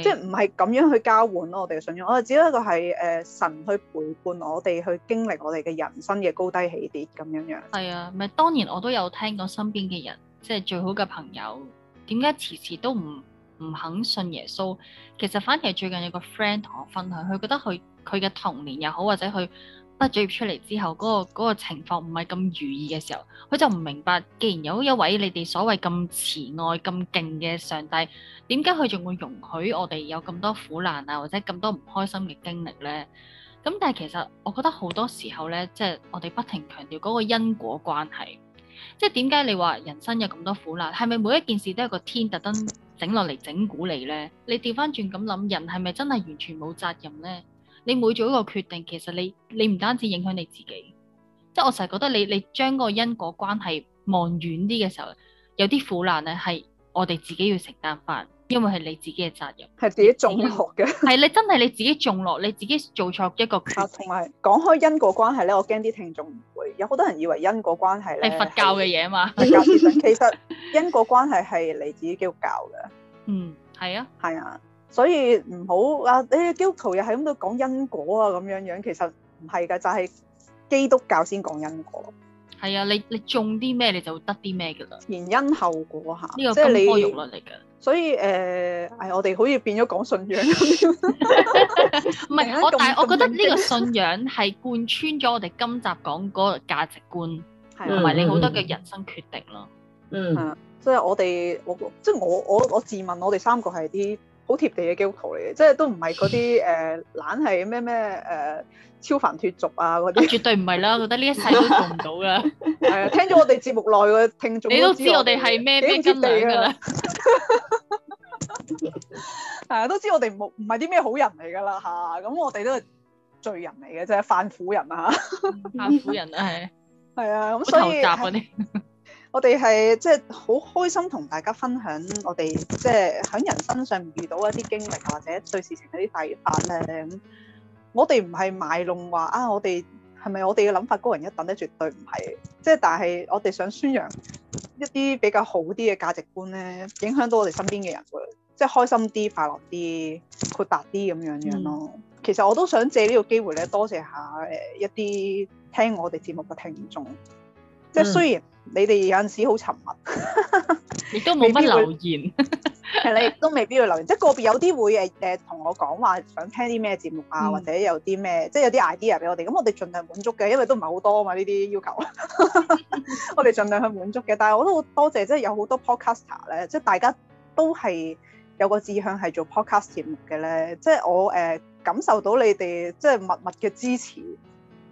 即係唔係咁樣去交換咯？我哋嘅信仰，我哋只不過係誒神去陪伴我哋去經歷我哋嘅人生嘅高低起跌咁樣樣。係啊，咪當然我都有聽過身邊嘅人，即係最好嘅朋友點解遲遲都唔唔肯信耶穌。其實反而係最近有個 friend 同我分享，佢覺得佢佢嘅童年又好，或者佢。畢咗業出嚟之後，嗰、嗰個嗰個情況唔係咁如意嘅時候，佢就唔明白，既然有一位你哋所謂咁慈愛、咁勁嘅上帝，點解佢仲會容許我哋有咁多苦難啊，或者咁多唔開心嘅經歷呢？咁但係其實我覺得好多時候呢，即係我哋不停強調嗰個因果關係，即係點解你話人生有咁多苦難，係咪每一件事都係個天特登整落嚟整蠱你呢？你調翻轉咁諗，人係咪真係完全冇責任呢？你每做一個決定，其實你你唔單止影響你自己，即係我成日覺得你你將嗰個因果關係望遠啲嘅時候，有啲苦難咧係我哋自己要承擔翻，因為係你自己嘅責任，係自己種落嘅，係你是的真係你自己種落，你自己做錯一個決定，同埋講開因果關係咧，我驚啲聽眾唔會有好多人以為因果關係咧係佛教嘅嘢啊嘛， 其實因果關係係嚟自基督教嘅，嗯，係啊，係啊。所以唔好啊！誒、哎，基督徒又係咁到講因果啊，咁樣樣其實唔係嘅，就係、是、基督教先講因果。係啊，你你種啲咩你就會得啲咩嘅啦，前因後果嚇。呢個金科玉律嚟㗎。所以誒，唉、呃哎，我哋好似變咗講信仰。唔係我，但係我覺得呢個信仰係貫穿咗我哋今集講嗰個價值觀，同埋、啊、你好多嘅人生決定咯。嗯，嗯、啊，所以我哋我即係我我我自問，我哋三個係啲好貼地嘅基督徒嚟嘅，即係都唔係嗰啲誒懶係咩咩誒超凡脫俗啊嗰啲，絕對唔係啦！我覺得呢一世都做唔到噶。係啊，聽咗我哋節目內嘅聽眾，你都知道我哋係咩真諦㗎啦，係 啊，都知道我哋唔唔係啲咩好人嚟㗎啦吓，咁、啊、我哋都係罪人嚟嘅即係，犯苦人啊，犯、啊、苦人啊係，係 啊咁所以。 我哋係即係好開心同大家分享我哋即係喺人生上遇到一啲經歷或者對事情嗰啲睇法咧。咁我哋唔係賣弄話啊，我哋係咪我哋嘅諗法高人一等咧？絕對唔係。即係但係我哋想宣揚一啲比較好啲嘅價值觀咧，影響到我哋身邊嘅人會，即係開心啲、快樂啲、闊達啲咁樣樣咯。嗯、其實我都想借這個機呢個機會咧，多謝一下誒一啲聽我哋節目嘅聽眾。即係雖然。嗯你哋有陣時好沉默，亦都冇乜留言。係你都未必要 留言， 即係個別有啲會誒誒同我講話，想聽啲咩節目啊，嗯、或者有啲咩，即係有啲 idea 俾我哋。咁我哋盡量滿足嘅，因為都唔係好多嘛呢啲要求。呵呵 我哋盡量去滿足嘅。但係我都好多謝，即係有好多 podcaster 咧，即係大家都係有個志向係做 podcast 節目嘅咧。即係我誒、呃、感受到你哋即係默默嘅支持。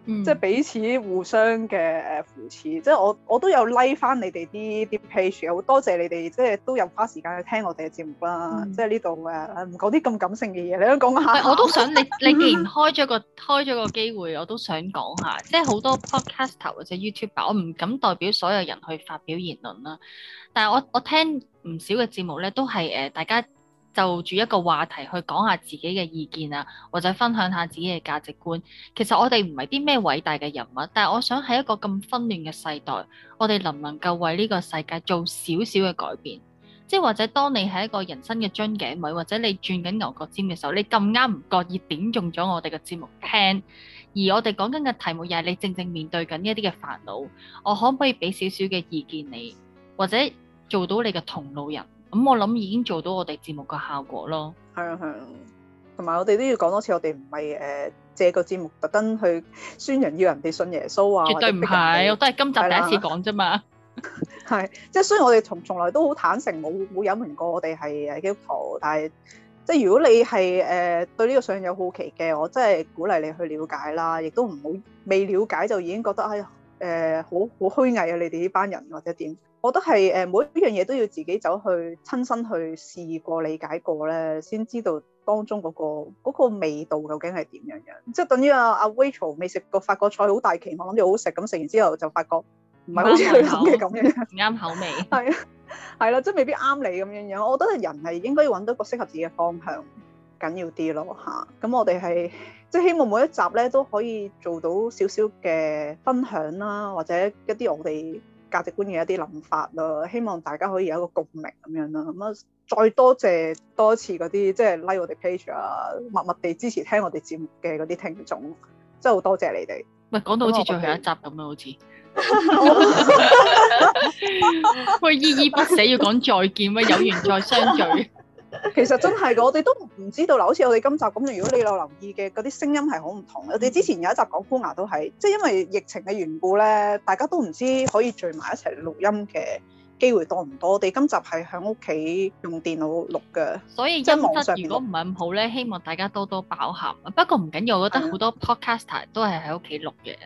嗯、即係彼此互相嘅誒扶持，即係我我都有拉、like、翻你哋啲啲 page，好多謝你哋，即係都有花時間去聽我哋嘅節目啦。嗯、即係呢度嘅唔講啲咁感性嘅嘢，你都講下？我都想， 你你既然開咗個開咗個機會，我都想講下。即係好多 podcaster 或者 YouTube，我唔敢代表所有人去發表言論啦。但係我我聽唔少嘅節目咧，都係誒、呃、大家，就住一個話題去講下自己嘅意見啊，或者分享下自己嘅價值觀。其實我哋唔係啲咩偉大嘅人物，但我想喺一個咁紛亂嘅世代，我哋能唔能夠為呢個世界做少少嘅改變？即係或者當你係一個人生嘅樽頸位，或者你轉緊牛角尖嘅時候，你咁啱唔覺意點中咗我哋嘅節目聽，而我哋講緊嘅題目又係你正正面對緊一啲嘅煩惱，我可唔可以俾少少嘅意見你，或者做到你嘅同路人？咁、嗯、我諗已經做到我哋節目嘅效果咯。係啊係，同埋、啊、我哋都要講多次，我哋唔係誒借個節目特登去宣揚要人哋信耶穌啊。絕對唔係，我都係今集第一次講啫嘛。係、啊，即係 雖然我哋從從來都好坦誠，冇冇隱瞞過我哋係誒基督徒。但係即係如果你係誒、呃、對呢個信仰有好奇嘅，我真係鼓勵你去了解啦，亦都唔好未了解就已經覺得哎誒好好虛偽啊！你哋呢班人或者點？我覺得係誒每一樣嘢都要自己走去親身去試過理解過咧，先知道當中嗰個嗰個味道究竟係點樣樣。即係等於阿阿 Rachel 未食過法國菜很，好大期望，諗住好食，咁食完之後就發覺唔係好啱你嘅，咁樣唔啱口味，係啊，係啦， 即係未必啱你咁樣樣。我覺得人係應該要揾到一個適合自己嘅方向。緊要啲咯，吓，咁我哋係即係希望每一集咧都可以做到少少嘅分享啦，或者一啲我哋價值觀嘅一啲諗法啦，希望大家可以有一個共鳴咁樣啦。咁啊，再多謝多次嗰啲即係 like 我哋 page 啊，默默地支持聽我哋節目嘅嗰啲聽眾，真係好多謝你哋。喂，講到好似最後一集咁啦，好似喂，依依不捨要講再見，喂，有緣再相聚。 其實真係嘅，我哋都唔知道啦。好似我哋今集咁，如果你有留意嘅嗰啲聲音係好唔同。嗯、我哋之前有一集講箍牙都係，即係因為疫情嘅緣故咧，大家都唔知可以聚埋一齊錄音嘅機會多唔多。我哋今集係喺屋企用電腦錄嘅，所以即係網上。如果唔係咁好咧，希望大家多多包涵。不過唔緊要，我覺得好多 podcaster 都係喺屋企錄嘅，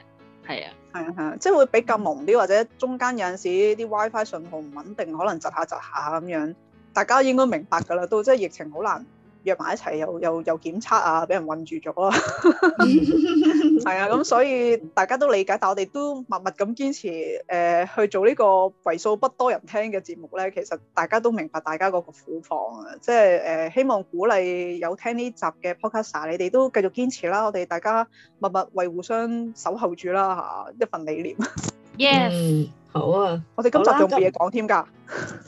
係啊，係啊，啊，啊，即係會比較無聊，或者中間有陣時啲 WiFi 信號唔穩定，可能窒下窒下咁樣。大家應該明白㗎啦，都即係疫情好難約埋一齊，又又又檢測啊，俾人困住咗囉，係啊，咁所以大家都理解，但我哋都默默咁堅持誒、呃、去做呢個為數不多人聽嘅節目咧，其實大家都明白大家嗰個苦況啊，即係誒希望鼓勵有聽呢集嘅 Podcast，你哋都繼續堅持啦，我哋大家默默為互相守候住啦嚇，一份理念。Yes。 好啊，我哋今集仲冇嘢講添㗎，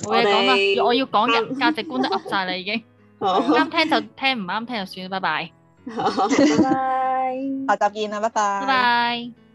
冇嘢講啦，我要講嘅價值觀都噏晒啦已經，啱 好聽就聽，唔啱聽就算，拜拜。拜拜。下集見啊，拜拜。 拜拜。拜拜。